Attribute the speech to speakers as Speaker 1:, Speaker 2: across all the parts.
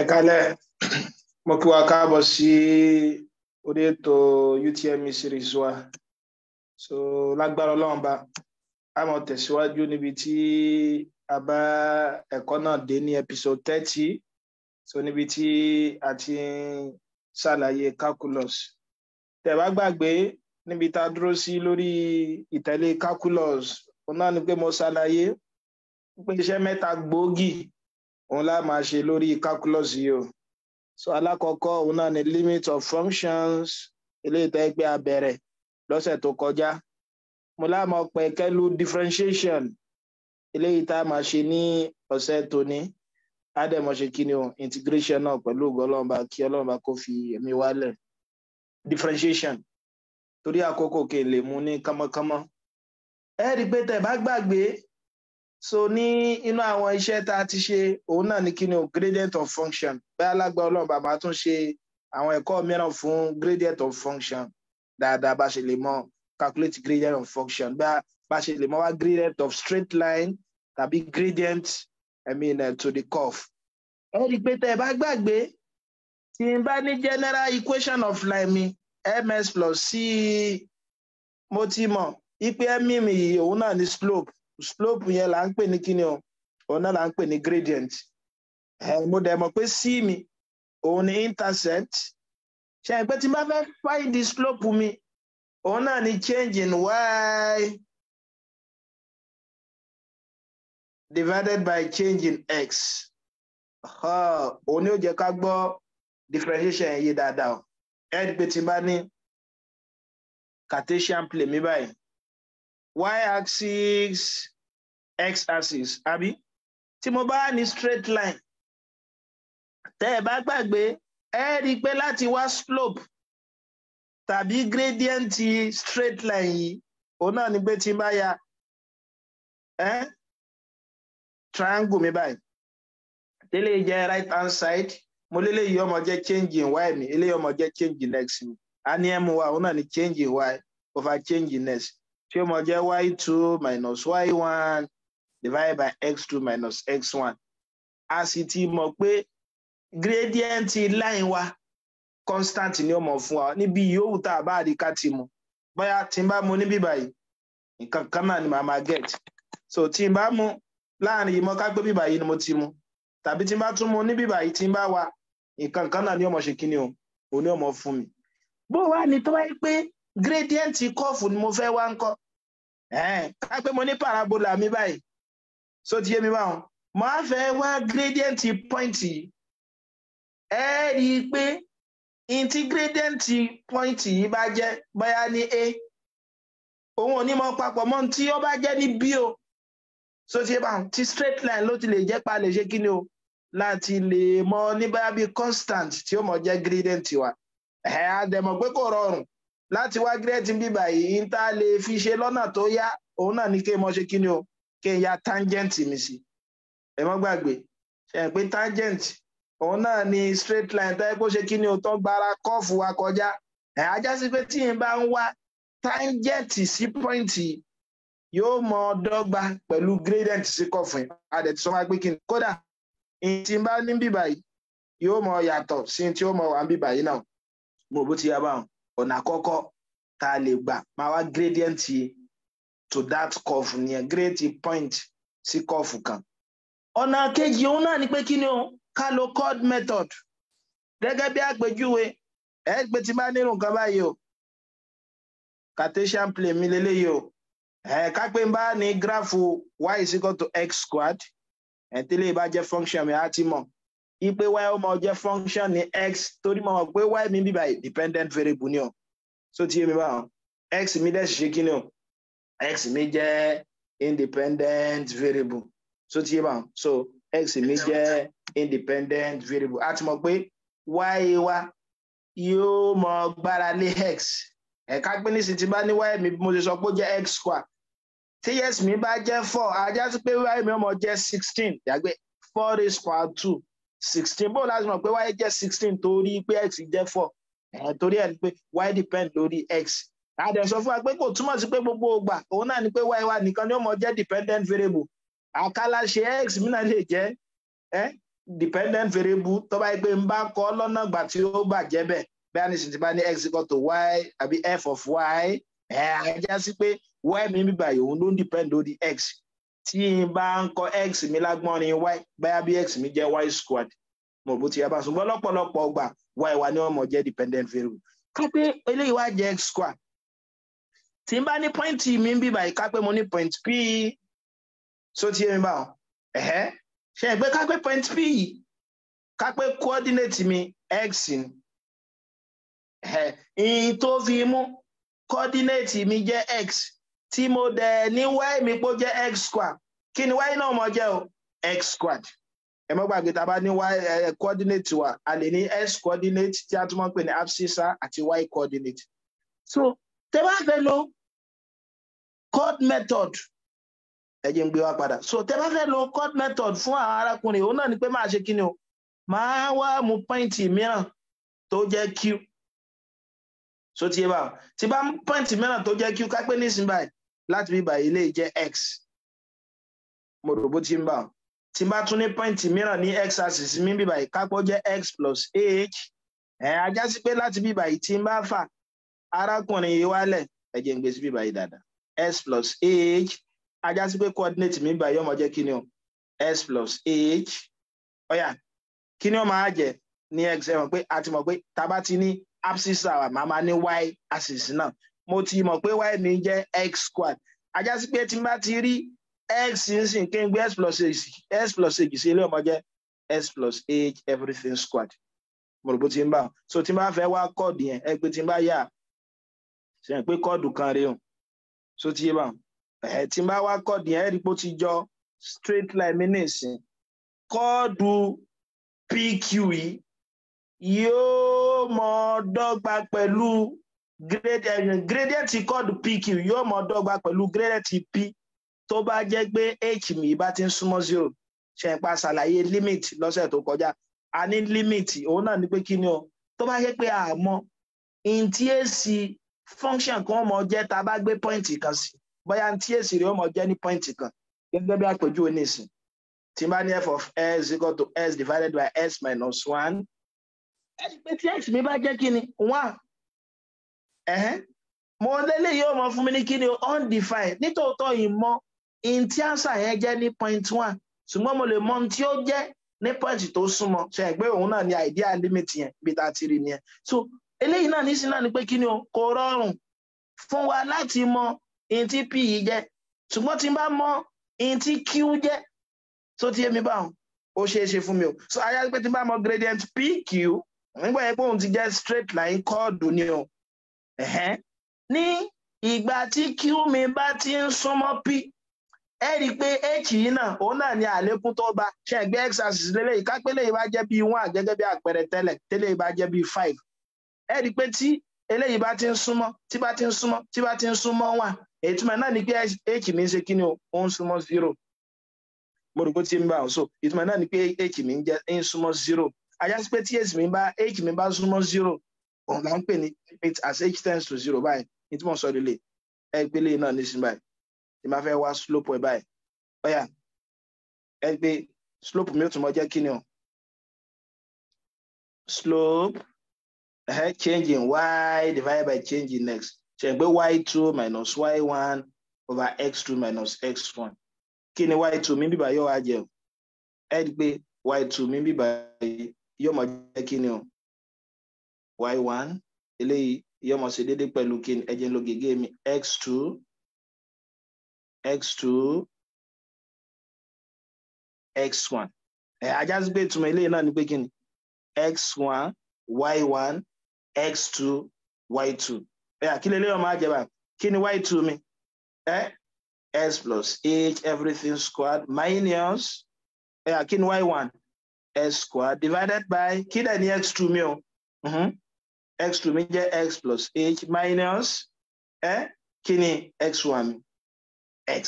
Speaker 1: ẹ kálẹ́ mo kí wa káàbọ̀ sí orí ètò UTME series wa so lágbára Ọlọ́run bá a mọ tẹ̀síwájú níbi tí a bá ẹ̀kọ́ náà dé ní episode thirty so níbi tí a ti ṣàlàyé calculus tẹ́ bá gbàgbé níbi tá a dúró sí lórí ìtẹ̀lé calculus òun náà ni pé mo ṣàlàyé pé iṣẹ́ mẹ́ta gbòógì òun la máa ṣe lórí calculus yìí so alákọ̀ọ́kọ́ òun náà ni limit of functions eléyìí tẹ́ pé a bẹ̀rẹ̀ lọ́sẹ̀ tó kọjá mo láàmú ọpẹ kẹlu differentiation eléyìí tá a máa ṣe ní ọ̀sẹ̀ tóní àdèmọ̀ṣe kí ni o integration náà pẹ̀lú ògùn ọlọ́mọba kí ọlọ́mọba kó fi ẹ̀mí wálẹ̀ differentiation torí àkókò kí n lè mú ní kánmọ́kánmọ́ ẹ rí i pé tẹ́ bá gbàgbé so ní inú àwọn iṣẹ́ tá a ti ṣe òun náà ni kí ni o gradient of function bẹ́ẹ̀ alágbá ọlọ́run bàbá tún ṣe àwọn ẹ̀kọ́ mìíràn fún gradient of function dáadáa bá ṣe lè mọ calculate gradient of function bẹ́ẹ̀ bá ṣe lè mọ wá gradient of straight line tàbí gradient I mean uh, to the curve. ẹ rí i pé tẹ́ ẹ bá gbàgbé tí n bá ní general equation of line mi ms plus c mo ti mọ̀ ipe mm yìí òun náà ni slope slope yẹn là ń pè ní kíni o òun náà là ń pè ní gradient mo dẹ̀ mọ̀ pé c mi òun ni intercept ṣe àìpẹ́ tí n bá fẹ́ find the slope mi òun náà ni change in y divided by change in x òun ni ó jẹ́ ká gbọ́ differentiation yìí dáadáa o ẹ̀ ẹ́ di pé tí n bá ní Cartesian plane mi báyìí. y-axis x-axis àbí tí mo bá ní straight line tẹ́ ẹ bá gbàgbé ẹ rí i pé láti wá slope tàbí gradient straight line yìí òun náà ni pé tí n bá ya eh? triangle mi báyìí tẹ́lẹ̀ jẹ́ right hand side mo lélẹ́yìí ọmọ jẹ́ change in y mi eléyìí ọmọ jẹ́ change in x mi a ní ẹ̀ mú wa òun náà ni change in y over change in x. tí ó mọ y two minus y one divided by x two minus x one a sì ti mọ̀ pé gradient line wa constant ni ó mọ̀ fún wa níbi yòówù tá a bá rí ká ti mu bóyá tí n bá mu níbí báyìí nǹkan kan náà ni màá máa get so tí n bá mu láàrin yìí mo ká gbé bíbà yìí ni mo ti mu tàbí tí n bá tún mu ní bíbà tí n bá wa nǹkan kan náà ni ó mọ̀ ṣe kí ni o òun ni ó fún mi. bó wàá ní tó wáyé pé gradient kọ́ọ̀fù ni mo fẹ́ wá ń kọ́ ká pé mo ní parabola mi báyìí so ti yé mi báwọn mo á fẹ́ wá gradient point yìí ẹ rí i pé ntí gradient point yìí bá jẹ́ bóyá ní a òun ò ní mọ papọ̀ mọ́ tí ó bá jẹ́ ní b o so ti yé báwọn ti straight line ló ti lè jẹ́ pa lè ṣe kí ni o láti lè mọ ní bóyá bí constant tí ó mọ̀ jẹ́ gradient wa ẹ̀ á dẹ̀ pé kò rọrùn láti wá gírẹ́ẹ̀tì bíbà yìí ń tá a lè fi ṣe lọ́nà tó yá òun náà ni kí n mọ ṣe kí ni o kí n ya tangent mi sí ẹ mọ́ gbàgbé ṣe pé tangent òun náà ni straight line tó yẹ kó ṣe kí ni o tó gbára kọ́ọ̀fù wa kọjá ẹ̀ ajá sí pé tí n bá ń wá tangent sí pọ́ìntì yóò mọ dọ́gba pẹ̀lú gradient sí kọ́ọ̀fù yẹn adẹ̀ tí wọ́n gbé kí ni kódà n bá ní bíbà yìí yóò mọ yàtọ̀ sí ti ó mọ wà ń bíbà yìí náà mo bó ti yá báwọn. ọ̀nà àkọ́kọ́ tá a lè gbà máa wá gradient to that curve nìyẹn gradient point sí curve kan ọ̀nà kejì òun náà ni pé kí ni o ká lo chord method gẹ́gẹ́ bí àpèjúwe ẹ pé tí bá nírun kan báyìí o cartesian plane mi leléyìí o ẹ ká pé n bá ní gráfù y is equal to x squared ẹ tẹ́lẹ̀ bá jẹ́ function mi á ti mọ̀ ipe y ó máa jẹ́ function ní x torí mo mọ̀ pé y mi bíbá dependent variable ni o so ti yé mi báwọn x mi dẹ̀ ṣe kí ni o x mi jẹ́ independent variable so ti yé báwọn so x mi jẹ́ independent variable a ti mọ̀ pé y wa yóò máa gbára lé x ẹ̀ka pé nísìnyí ti bá ní y mi mo ti sọ pé ó jẹ́ x square Ts yes mi bá jẹ́ four ajá sí pé y mi ó máa sixteen yàgbé four raised power two sixteen bó láti mọ̀ pé y jẹ́ sixteen torí pé x jẹ́ four torí ẹ̀ ni pé y depend lórí x àdẹ̀sọ fún wa pé kò túmọ̀ sí pé gbogbo ògbà òun náà ni pé y wa nìkan ni ó mọ jẹ́ dependent variable àkàlà ṣe x mi náà lè jẹ́ dependent variable tó bá yẹ pé n bá kọ́ lọ́nà ìgbà tí ó bàjẹ́ bẹ́ẹ̀ bẹ́ẹ̀ ni sì ti bá ní x equal to y àbí f of y ẹ̀ àjá sí pé y mi bíbá yòówù ló ń depend lórí x tí n bá ń kọ x mi lágbọ́nrin y báyà bí x mi jẹ́ y squared mo bó ti yá bá ṣùgbọ́n lọ́pọ̀lọpọ̀ ọgbà y wa ni wọ́n mọ̀ jẹ́ dependent variable ká pé eléyìí wá jẹ́ x squared tí n bá ní point mi ń bí báyìí ká mo ní point p so ti yé mi báwọn ẹ̀hẹ́ ṣe ẹ̀gbẹ́ ká pé point p yìí ká coordinate mi x ni ẹ̀hẹ́ ìyìn tó fi mú coordinate mi jẹ́ x tí mo dẹ̀ ní y mi pó jẹ́ x square kí ni y náà mọ̀ jẹ́ o x squared ẹ mọ́ gbàgbé tá a bá ní y coordinate wa a lè ní x coordinate tí a tún mọ̀ pé ní abscissa àti y coordinate so tẹ bá fẹ́ lo cord method ẹ jẹ́ ń gbé wa padà so tẹ bá fẹ́ lo cord method fún àwọn arákùnrin òun náà ni pé máa ṣe kí ni o máa wá mú point mìíràn tó jẹ́ q so ti yé báwọn tí bá mú point mìíràn tó jẹ́ q ká pé nísìnyí báyìí láti bí báyìí lè jẹ́ x mo rò bó ti ń bá tí n bá x axis mi bí báyìí kápọ́ jẹ́ x plus h ẹ̀ ajá sí pé láti bí báyìí tí n bá fà arákùnrin yìí wálẹ̀ gbé sí bí x plus h ajá sí pé mi ọmọ jẹ́ ni x plus h ọ̀yà kí ni ó ní x mọ̀ pé mọ̀ ti ní abscissa ma ní y axis náà mo ti mọ̀ pé y mi jẹ́ x squad. ajá sí pé tí n bá ti rí x nsìn kí n gbé x plus h x plus h sí ilé ọmọ jẹ́ x plus h everything squad. mo rò bó ti ń bá so tí n bá fẹ́ wá kọ́ọ̀dù yẹn ẹ pé tí n bá yà ṣe pé kọ́ọ̀dù kan rèé o so ti yé bá ẹ tí n bá wá kọ́ọ̀dù yẹn ẹ rí pé ó ti jọ straight line mi nìsín kọ́ọ̀dù pq yìí yóò mọ dọ́gba pẹ̀lú gradient chord pq yóò mọ dọ́gba pẹ̀lú gradient p tó bá jẹ́ pé h mi bá ti ń súnmọ́ zero ṣe ń pa ṣàlàyé limit lọ́sẹ̀ tó kọjá a ní limit òun náà ni pé kí ni o tó bá jẹ́ pé àmọ́ in tí èsì function kan mọ jẹ́ tá a bá gbé point kan sí bóyá in tí èsì rẹ̀ ó mọ jẹ́ ní point kan gẹ́gẹ́ bí àpèjúwe nísìn tí n bá ní f of s equal to s divided by s minus one ẹ ti pé tí x mi bá jẹ́ kí one mo lélẹ̀ yóò mọ fún mi ní kí undefined nítòótọ́ ìmọ̀ in tí àṣà yẹn jẹ́ ní point one ṣùgbọ́n mo lè mọ ohun tí ó jẹ́ ní point tó súnmọ́ ṣe ẹ̀gbẹ́ òun náà ni idea limit yẹn bí ta ti rí nìyẹn so eléyìí náà nísìnyí náà ni pé kí ni o kò rọrùn fún wa láti mọ in tí p yìí jẹ́ ṣùgbọ́n tí n bá mọ in tí q jẹ́ tó ti yé mi báwọn ó ṣeé ṣe fún mi o so ayé pé tí n bá mọ gradient pq nígbà yẹn pé òun ti jẹ́ straight line kọ́ọ̀dù ni o ní ìgbà ti ń súnmọ́ pí ẹ rí i pé èkì náà òun náà ni àlékún tó bá ṣe ẹgbẹ́ exercise lélẹ̀ ìkápẹ́lẹ̀ yìí bá jẹ́ bíi one gẹ́gẹ́ bí àpẹẹrẹ tẹ́lẹ̀ tẹ́lẹ̀ yìí bá jẹ́ five ẹ rí i pé tí eléyìí bá ti ń súnmọ́ tí bá ti ń súnmọ́ tí bá ti ń súnmọ́ wà ìtumọ̀ náà ni pé èkì mi ń ṣe kí ni ó ń súnmọ́ zero mo rò pé tí bá so náà ni pé èkì bá súnmọ́ zero òun là ń pè ní limit as h tends to zero báyìí ní tí mò ń sọ lílé ẹ gbé lè náà nísìnyí báyìí tí máa fẹ́ wá slope ẹ báyìí ọ̀yà ẹ slope mi ò tún mọ jẹ́ kí o slope uh, eh, change in y divided by change in x ṣe gbé y two minus y one over x two minus x one kí y two mi bíbá yóò wá jẹ o y two mi bíbá yóò mọ jẹ́ kí o. y1 eléyìí yóò mọ̀ sí déédéé pẹ̀lú kí ẹ jẹ́ lo gègé mi x2 x2 x1 ẹ ajá sí pé ìtumọ̀ eléyìí náà ni pé kí ni x1 y1 x2 y2 ẹ àkílẹ̀ eléyìí ọmọ àjẹbà kí ni y2 mi ẹ x 2 x 2 x one I just si to itumo eleyii na ni pe ki x one y one x 2 y 2 e akile eleyii omo ajeba ki ni y 2 mi ex plus h everything squared minus ẹ àkíni y1 x squared divided by kí dẹ̀ ni x2 mi o. mm x two mi jẹ́ x plus h minus ẹ́ kí ni x one mi x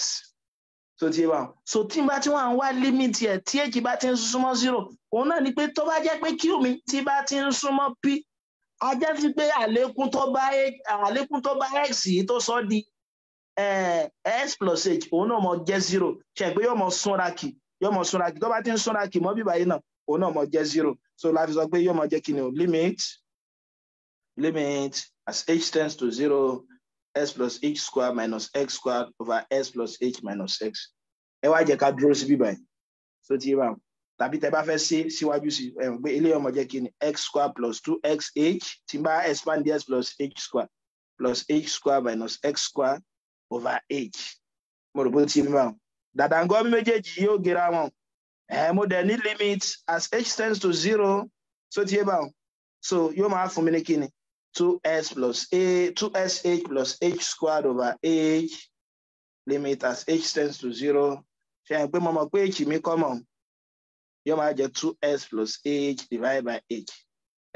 Speaker 1: So ti wà so tí n bá ti wọn wá límìtì ẹ tí èjì bá ti ń súnmọ́ zero òun náà ni pé tó bá jẹ́ pé q mi tí bá ti ń súnmọ́ p a jẹ́ sí pé àlékún tó bá àlékún tó bá x yìí tó sọ di x plus h òun náà mọ jẹ́ zero ṣe pé yóò mọ súnra kì yóò mọ súnra kì tó bá ti ń súnra kì mọ́ bíbá náà òun náà mọ jẹ́ zero so láti sọ pé yóò mọ jẹ́ kí ni o limit limit as h tends to zero s plus h squared minus x squared over s plus h minus x ẹ wá jẹ́ ká dúró sí bíbá yìí tó ti rà tàbí tẹ́ bá fẹ́ ṣe síwájú sí x squared plus two x h tí n bá expand s plus h squared plus h squared minus x squared over h mo rò bó ti rà dàdàngọ́ méjèèjì yóò gera wọn ẹ mo dẹ̀ limit as h tends to zero So ti so yóò máa fún mi 2 s plus a, 2sh plus h squared over h limit as h tends to zero. Ṣé ẹ̀ pé mo mọ̀ pé h mi common? Yóò máa jẹ 2 s plus h divided by h.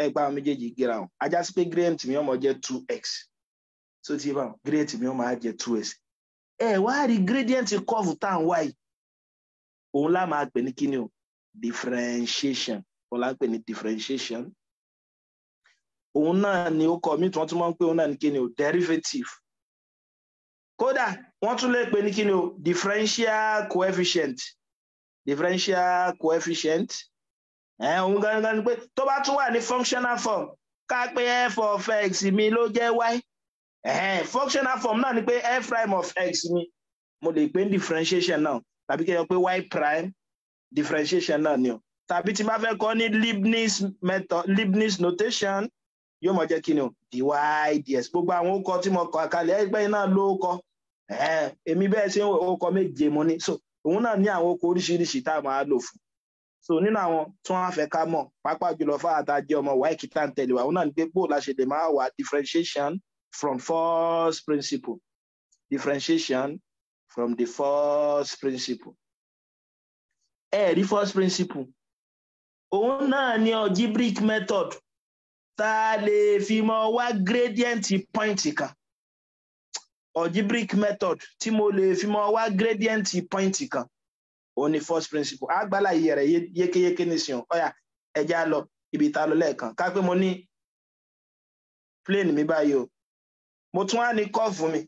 Speaker 1: Ẹ gba àwọn méjèèjì gíra hàn. Ajá sí pé gradient mi ó máa jẹ́ 2x. Tó ti bá gradient mi ó máa jẹ́ 2 s Ẹ wá rí gradient curve tá à ń wá yìí. Òun lá máa pè ní kíni o? Differentiation. Òun lá ń pè ní differentiation òun náà ni ó kọ míì tí wọ́n tún máa ń pè òun náà ní kíni o derivative kódà wọ́n tún lè pè ní kíni o differential coefficient differential coefficient ẹ̀ òun gangan ni pé tó bá tún wà ní functional form ká pé f of x mi ló jẹ́ y ẹ̀hẹ́n functional form náà ni pé f prime of x mi mo lè pè ní differentiation náà tàbí kí n yọ pé y prime differentiation náà ni o tàbí tí n bá fẹ́ kọ́ ní Leibniz method Leibniz notation yóò mọ jẹ́ kí ni o dyds gbogbo àwọn orúkọ tí mo kọ àkàlẹ̀ ẹgbẹ́ yìí náà ló kọ èmi bẹ́ẹ̀ ṣe orúkọ méje mo ní so òun náà ní àwọn orúkọ oríṣiríṣi tá a máa lò fún so nínú àwọn tí wọ́n fẹ́ ká mọ̀ pàápàá jùlọ fáadà jẹ́ ọmọ wáì kìtà ń tẹ̀lé wa òun náà ní pé bó la ṣe lè máa wà differentiation from first principle differentiation from the first principle ẹ̀ẹ́dì first principle òun náà ní algebraic method tá a lè fi mọ wá gradient point kan algebraic method tí mo lè fi mọ wá gradient point kan òun ni first principle àgbàlá yìí rẹ yékéyéké nísìnyàn ọyà ẹjẹ á lọ ibi ìta lọ lẹ́ẹ̀kan ká pé mo ní plane mi báyìí o mo tún á ní kọ́ọ̀fù mi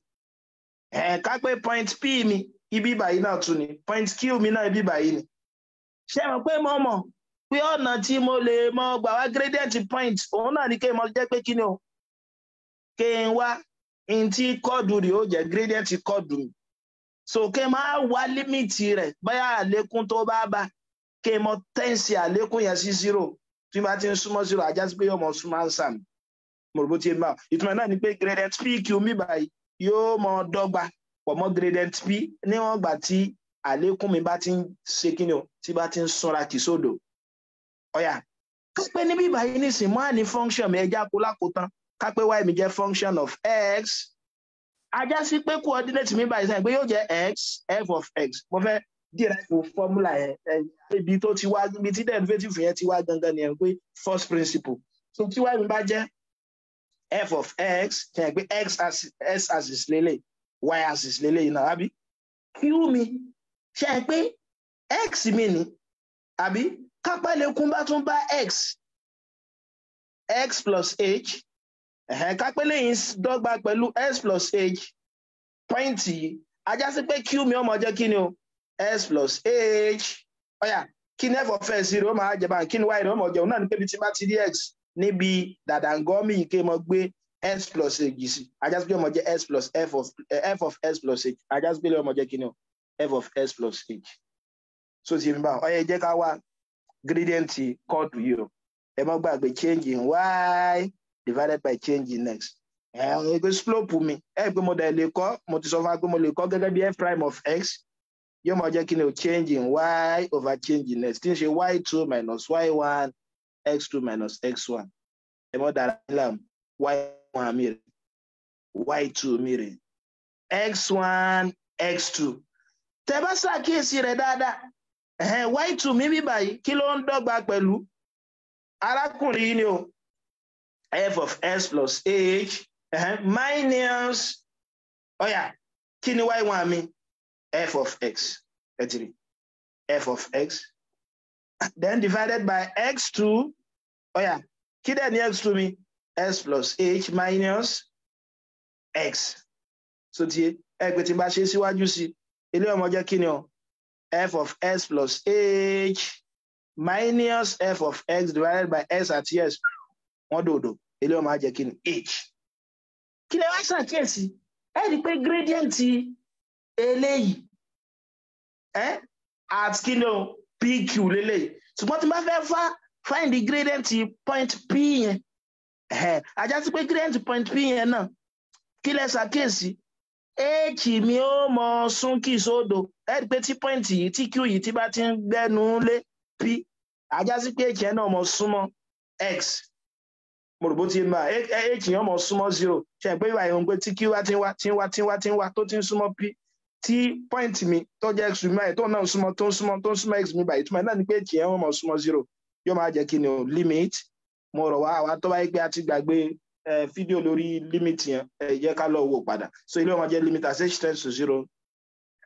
Speaker 1: ká pé point p mi ibi báyìí náà tún ni point q mi náà ibi báyìí ni ṣé mo pé mo mọ̀ pé ọ̀nà tí mo lè mọ gbà wá gradient point òun náà ni kí n mọ jẹ́ pé kí ni o kí wá n tí kọ́ọ̀dù rè ó jẹ́ gradient kọ́ọ̀dù mi so kí n máa wá límìtì rẹ̀ bóyá àlékún tó bá bá kí tẹ́ǹsì àlékún yẹn sí zero tí n bá ti ń súnmọ́ zero ajá sí pé yóò mọ súnmọ́ ansa mo rò bó ti ń bá ìtumọ̀ náà ni pé gradient pq mi báyìí yóò mọ dọ́gba pọ̀ mọ́ gradient p níwọ̀n gbà tí àlékún mi bá ti ń ṣe kí ni o tí bá ti ń súnra kìsódò. So ọ̀yà kápẹ́ níbí báyìí nísìn mọ́ àní function mi ẹja kó lákòótán kápẹ́ y mi jẹ́ function of x ajá sí pé coordinate mi báyìí sáyẹn pé yóò jẹ́ x f of x mo fẹ́ derive formula yẹn ibi tó ti wá ibi tí derivative yẹn ti wá gangan nìyẹn pé first principle so tí y mi bá jẹ́ f of x ṣe pé x s axis lélẹ̀ y axis lélẹ̀ yìí náà àbí q mi ṣe pé x mi ni àbí kápẹ́lẹ́kún bá tún bá x x plus h ẹ̀hẹ́n kápẹ́lẹ́ yìí dọ́gba pẹ̀lú x plus h pọ́ìntì ajá sí pé q mi ọmọ jẹ́ kí ni o x plus h ọ̀yà kí ní ẹ̀fọ́ fẹ́ sí rẹ̀ ó máa jẹ báyìí kí ni wáyé rẹ̀ ó mọ̀ jẹun náà ní pé bí ti bá ti rí x níbi dàdàngọ́mì ike mọ gbé x plus h yìí sí ajá sí pé ọmọ jẹ́ x plus f of f of s plus h ajá sí pé ọmọ jẹ́ kí ni o f of s plus h so ti fi bá ọ ẹ jẹ́ ká wá gradient chord u ẹ má gbàgbé change in y divided by change in x ẹ̀hún ẹgbẹ́ slope mi ẹ̀ pé mo dẹ̀ lè kọ́ mo ti sọ fún wa pé mo lè kọ́ gẹ́gẹ́ bí f prime of x yóò máa jẹ́ kí ni o change in y over change in x tí ń ṣe y two minus y one x two minus x one ẹ mọ́ dára y one mi rẹ̀ y two mi rẹ̀ x one x two tẹ bá ṣàkíyèsí rẹ̀ dáadáa y2 mi bí báyìí kí ló ń dọ́gba pẹ̀lú arákùnrin yìí ni o f of s plus h minus ọ̀yà kí ni y1 mi f of x ẹ ti f of x then divided by x two ọ̀yà kí dẹ̀ ni x two mi s plus h minus x so tiye ẹgbẹ́ tí n bá ṣe síwájú sí ilé ọmọ jẹ́ kí ni o f of x plus h minus f of x divided by x at s wọ́n dòdò ilé ọmọ ajẹ́ kí ni h. kí lè wá ṣàkíyèsí ẹ rí i pé gradient eléyìí ẹ at kí ni o pq lélẹ́yìí ṣùgbọ́n tí n bá fẹ́ fa find the gradient point p yẹn ajá sí pé gradient point p yẹn náà kí lè ṣàkíyèsí h mi ó mọ sún sódò. So ẹ rí i pé tí pọ́ìntì yìí tí q yìí tí bá ti ń gbẹ́nu lé p ajá sí pé èkìyẹn náà mọ̀ súnmọ́ x mo rò bó ti máa èkìyẹn mọ̀ súnmọ́ zero ṣe é pé ìwà ìhun pé tí q wá ti ń wá ti ń wá ti ń wá ti ń wá tó ti ń súnmọ́ p tí pọ́ìntì mi tó jẹ́ x mi báyìí tó náà súnmọ́ tó ń súnmọ́ tó ń súnmọ́ x mi báyìí túmọ̀ náà ni pé èkìyẹn mọ̀ súnmọ́ zero yóò máa jẹ́ kí ni o limit mo rọ̀ wá àwa tó bá yẹ pé a ti gbàgbé eh, fídíò lórí limit yẹn ẹ jẹ́ ká lọ wò padà so ilé ọmọ jẹ́ limit as h tends to zero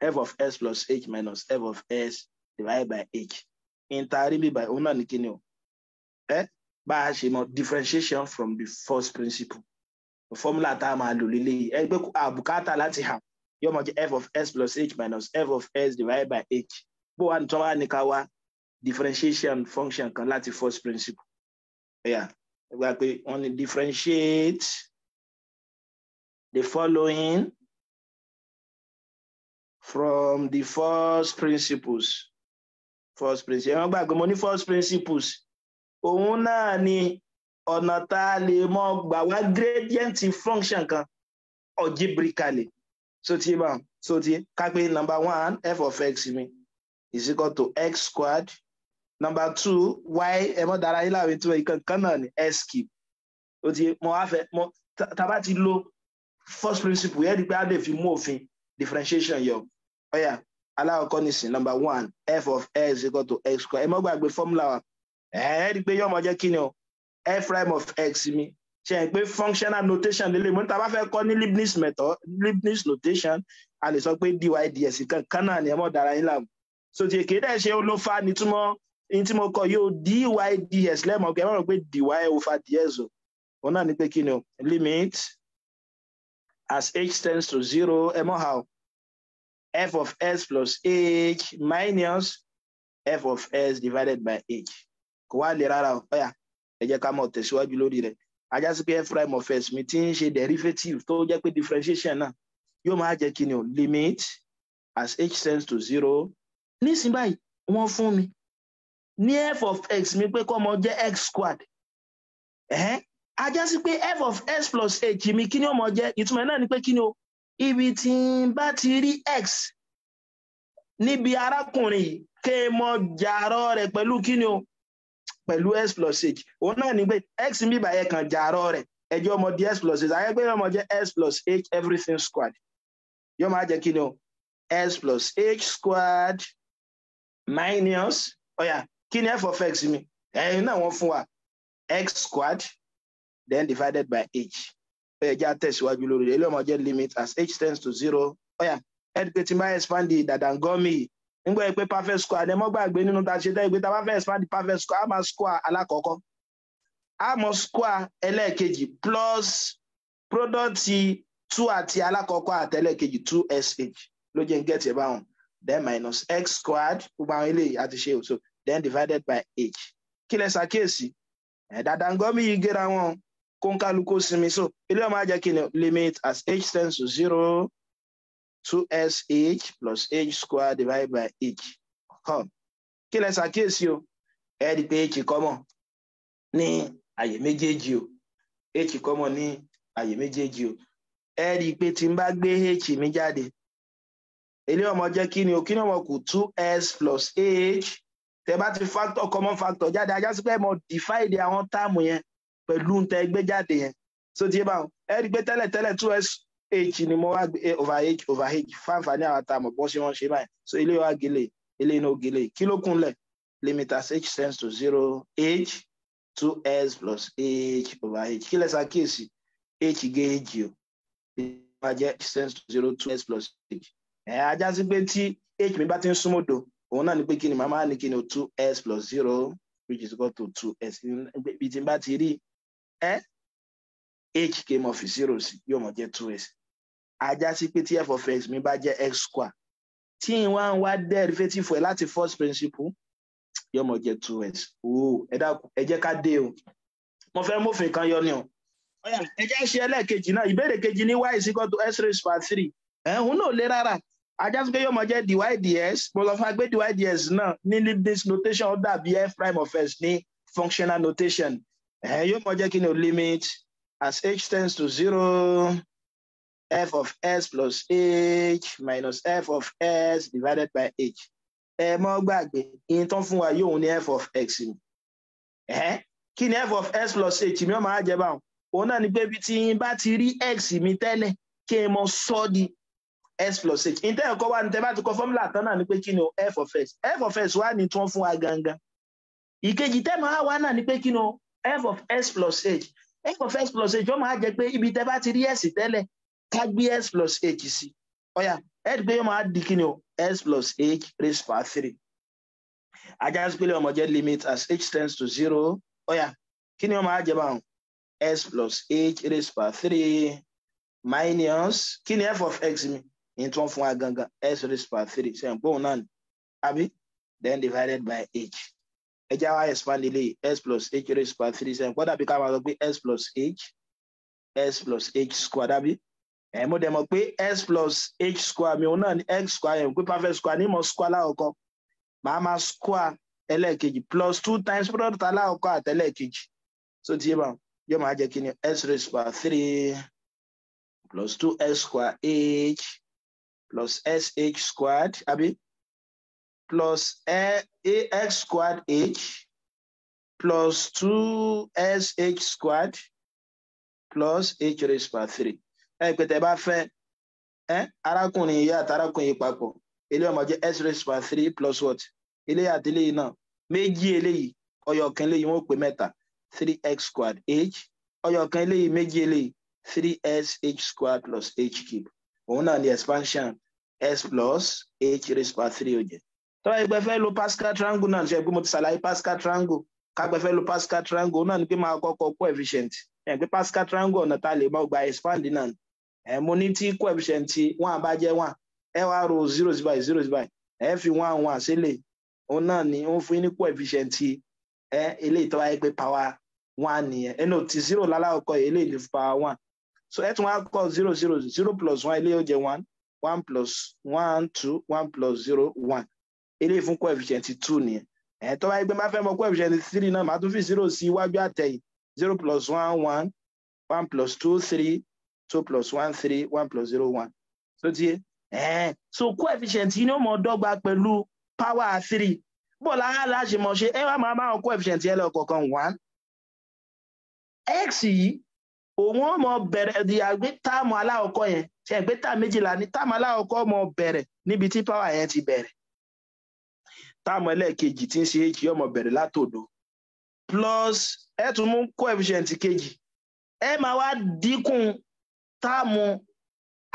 Speaker 1: f of s plus h minus f of s divided by h entirely by una nìkan ni o ẹ bá mọ differentiation from the first principle formula tama a àbùkátà láti hàn f of s plus h minus f of s divided by h bó wà ní tí differentiation function kan láti first principle Yeah, we are pé differentiate the following from the first principles first principles ẹ̀wọ̀n gbàgbé mo ní first principles òun náà ni ọ̀nà tá a lè mọ gbà wá gradient function kan algebraically so ti bá so ti ká number one f of x mi is equal to x squared number two y ẹ mọ dára yín láwé tó ìkan kan náà ni x cube o ti mo wá fẹ́ mo tá ti lo first principle yẹn di pé a lè fi mú òfin differentiation yọ ọ̀yà aláwọ̀kọ́ ní sin number one f of x equal to x square ẹ mọ́ gbàgbé formula wa ẹ rí pé yóò mọ jẹ́ kí ni o f prime of x mi ṣe é pé functional notation lélẹ̀ mo ní ta bá fẹ́ kọ́ ní Leibniz method Leibniz notation a lè sọ pé dy ds kan kan náà ni ẹ mọ̀ dára yín láàmú so ti èké dẹ̀ ṣe ló fa nítumọ̀ ní tí mo kọ yóò dy ds lẹ́mọ̀ pé ẹ mọ̀ pé dy over ds o òun náà ni pé kí ni o limit as h tends to zero ẹ mọ̀ how f of s plus h minus f of s divided by h kò wá lè rárá o ọyà ẹ jẹ́ ká mọ̀ tẹ̀síwájú lórí rẹ̀ ajá sí pé f prime of s mi ti ń ṣe derivative tó jẹ́ pé differentiation náà yóò máa jẹ́ kí ni o limit as h tends to zero nísìnyí báyìí wọ́n fún mi ní f of x mi pé kọ́mọ jẹ́ x squared ajá sí pé f of s plus h mi kí ni ó mọ jẹ́ ìtumọ̀ náà ni pé kí ni o ibi tí n bá ti rí x níbi arákùnrin ké mọ jàrọ rẹ pẹ̀lú kíni o pẹ̀lú x plus h òun náà ni pé x ń bíbà yẹ kan jàrọ rẹ ẹjọ ọmọ di x plus h àyẹgbẹ yọ ọmọ jẹ x plus h everything squared yọ máa jẹ kíni o x plus h squared minus ọyà kíni f of x mi ẹyin náà wọ́n fún wa x squared then divided by h ẹja tẹ̀síwájú lórí rẹ̀ ilé ọmọ jẹ́ limit as h tends to zero ọ̀yà ẹ̀dùkẹ́ tí máa expand the dàdàngọ́mì nígbà pé perfect square ẹ̀ mọ́ gbàgbé nínú ta ṣe tẹ́lẹ̀ pé ta bá fẹ́ expand the perfect square a máa square alákọ̀ọ́kọ́ a square ẹlẹ́ẹ̀kejì plus product two àti alákọ̀ọ́kọ́ àtẹ́lẹ̀kejì two sh ló jẹ́ ń gẹ̀tì ẹ̀ báwọn then minus x squared gbogbo àwọn eléyìí àti ṣe òtò then divided by h kí lẹ ṣàkíyèsí ẹ̀ dàdàngọ́mì yìí gẹ́ra wọn kó ń kálukó sinmi so ilé ọmọ ajá kí ni limit as h tends to zero two h plus h square divided by h kí lẹ ṣàkíyèsí o ẹ rí i pé h kọ́mọ̀ ní àyè méjèèjì o h kọ́mọ̀ ní àyè méjèèjì o ẹ rí i pé tí n bá gbé h mi jáde ilé ọmọ jẹ́ kí ni o kí ni ọmọ kù two s plus h tẹ bá ti factor common factor jáde ajá sí pé ẹ mọ divide àwọn táàmù yẹn pẹ̀lú ń tẹ ẹgbẹ́ jáde yẹn so ti yé báwọn ẹ rí i tẹ́lẹ̀ tẹ́lẹ̀ two s h ni mo wá gbé eh, over h over h fáǹfààní àwọn àtàmọ̀ bọ́n ṣe wọ́n ṣe báyìí so ilé wa gele ilé iná gele kí ló kúnlẹ̀ limiters h tends to zero h two s plus h over h kí lẹ́sà kíyèsí h gé h o máa jẹ́ h tends to zero two s plus h ẹ̀ ajá sí pé tí h mi bá ti ń súnmọ́ do òun náà ni pé kí ni màmá ní kí ni two s plus zero which is equal to two s ibi tí n bá ti rí ẹ h came off zero sí yóò mọ jẹ two S. ajá sí pé tí f of x mi bá jẹ x square tí n wá ń wá derivative ẹ láti first principle yóò mọ jẹ two S. ooo ẹ dákun ẹ jẹ́ ká dé o mo fẹ́ mófin kan yọ ni o ẹ jẹ́ ṣe ẹlẹ́ẹ̀kejì náà ìbéèrè kejì ní y is equal to x raised by three ẹ̀hún náà lé rárá ajá sí pé yóò mọ jẹ́ dy dx mo lọ fún agbé dy dx náà ní this notation ó dàbí f prime of x ní functional notation Eh, yóò mọ jẹ́ kí ni o limit as h tends to zero f of s plus h minus f of s divided by h ẹ mọ́ gbàgbé ìyẹn tán fún wa yóò ní f of x ni kí ni f of s plus h mi ó máa jẹ báwọn òun náà ni pé bí tí n bá ti rí x mi tẹ́lẹ̀ kí n mọ sọ di s plus h ìtẹ́ ẹ̀kọ́ wa ni tẹ́ bá ti kọ fọ́múlà tán náà ni pé kí ni o f of s f of s wà ní tí fún wa gangan ìkejì tẹ́ máa wá náà ni pé kí ni o f of s plus h f of s plus h ó máa jẹ pé ibi tẹ bá ti rí s tẹ́lẹ̀ ká gbé s plus h sí ọ̀yà ẹ rí pé ó máa di kíni o s plus h raised by three ajá sípélé ọmọ jẹ limit as h tends to zero ọ̀yà kíni ó máa jẹ báwọn s plus h raised by three minus kíni f of x mi ní tí wọ́n fún wa gangan s raised by three ṣe ń pòun náà ni àbí then divided by h ẹjá wa expand ilé s plus h raised to three seven kọ́ dàbí ká máa sọ pé x plus h s plus h square dàbí ẹ̀ mo dẹ̀ mọ̀ pé x plus h square mi òun náà ni x square yẹn pé perfect square ní mo square láwọ̀kọ́ màá máa square ẹlẹ́ẹ̀kejì plus two times product aláwọ̀kọ́ àtẹlẹ́ẹ̀kejì so ti yé bá yóò máa jẹ́ kí ni x raised to three plus two x square h plus sh squared abi. plus a, ax squared h plus 2sh squared plus h raised by 3. ẹ pé tẹ́ bá fẹ́ ẹ arákùnrin yìí àti arákùnrin yìí papọ̀ ilé ọmọ jẹ́ raised by 3 plus what ilé àti ilé yìí náà méjì eléyìí ọyọ̀kan eléyìí wọ́n pè mẹ́ta 3x squared h ọyọ̀kan eléyìí méjì eléyìí 3sh squared plus h cube òun náà ni expansion s plus h raised by 3 ó tọ́lá yìí pé fẹ́ lo Pascal triangle náà ṣe pé mo ti ṣàlàyé Pascal triangle kápẹ́ fẹ́ lo Pascal triangle náà ni pé máa kọ́kọ́ coefficient ẹ̀ pé Pascal triangle ọ̀nà tá a lè máa gba expand náà ẹ̀ mo ní tí coefficient wọn àbá jẹ́ wọn ẹ wá ro zero sí báyìí zero sí báyìí ẹ fi wọn àwọn àṣẹlẹ̀ òun náà ni ó fún yín ní coefficient ẹ eléyìí tọ́lá yìí pé power one nìyẹn ẹ náà ti zero lálàkọ́ eléyìí ní power one so ẹ tún wá kọ zero zero zero plus one eléyìí ó jẹ one one plus one two one plus zero one eléyìí fún coefficient two nìyẹn ẹ̀ eh, tó bá yẹ pé má fẹ́ mọ coefficient three náà màá tún fi zero sí iwájú àtẹ̀yìn zero plus one one one plus two three two plus one three one plus zero one tó ti ẹ̀ eh, so coefficient yìí ni ó mọ dọ́gba pẹ̀lú power three bọ́ọ̀lá aláṣẹ mọ̀ ṣe ẹ wá máa máa coefficient yẹn lọ kọ̀ọ̀kan one x yìí òun ọmọ bẹ̀rẹ̀ di àgbé táàmù aláwọ̀kọ́ yẹn ṣe àgbé táàmù méjìlá ní táàmù aláwọ̀kọ́ ọmọ bẹ̀rẹ̀ níbi tí power yẹn ti bẹ̀rẹ̀ táàmù ẹlẹ́ẹ̀kejì tí ń ọmọbere h yọmọ plus ẹ tún mú coefficient kejì ẹ máa wá dínkù táàmù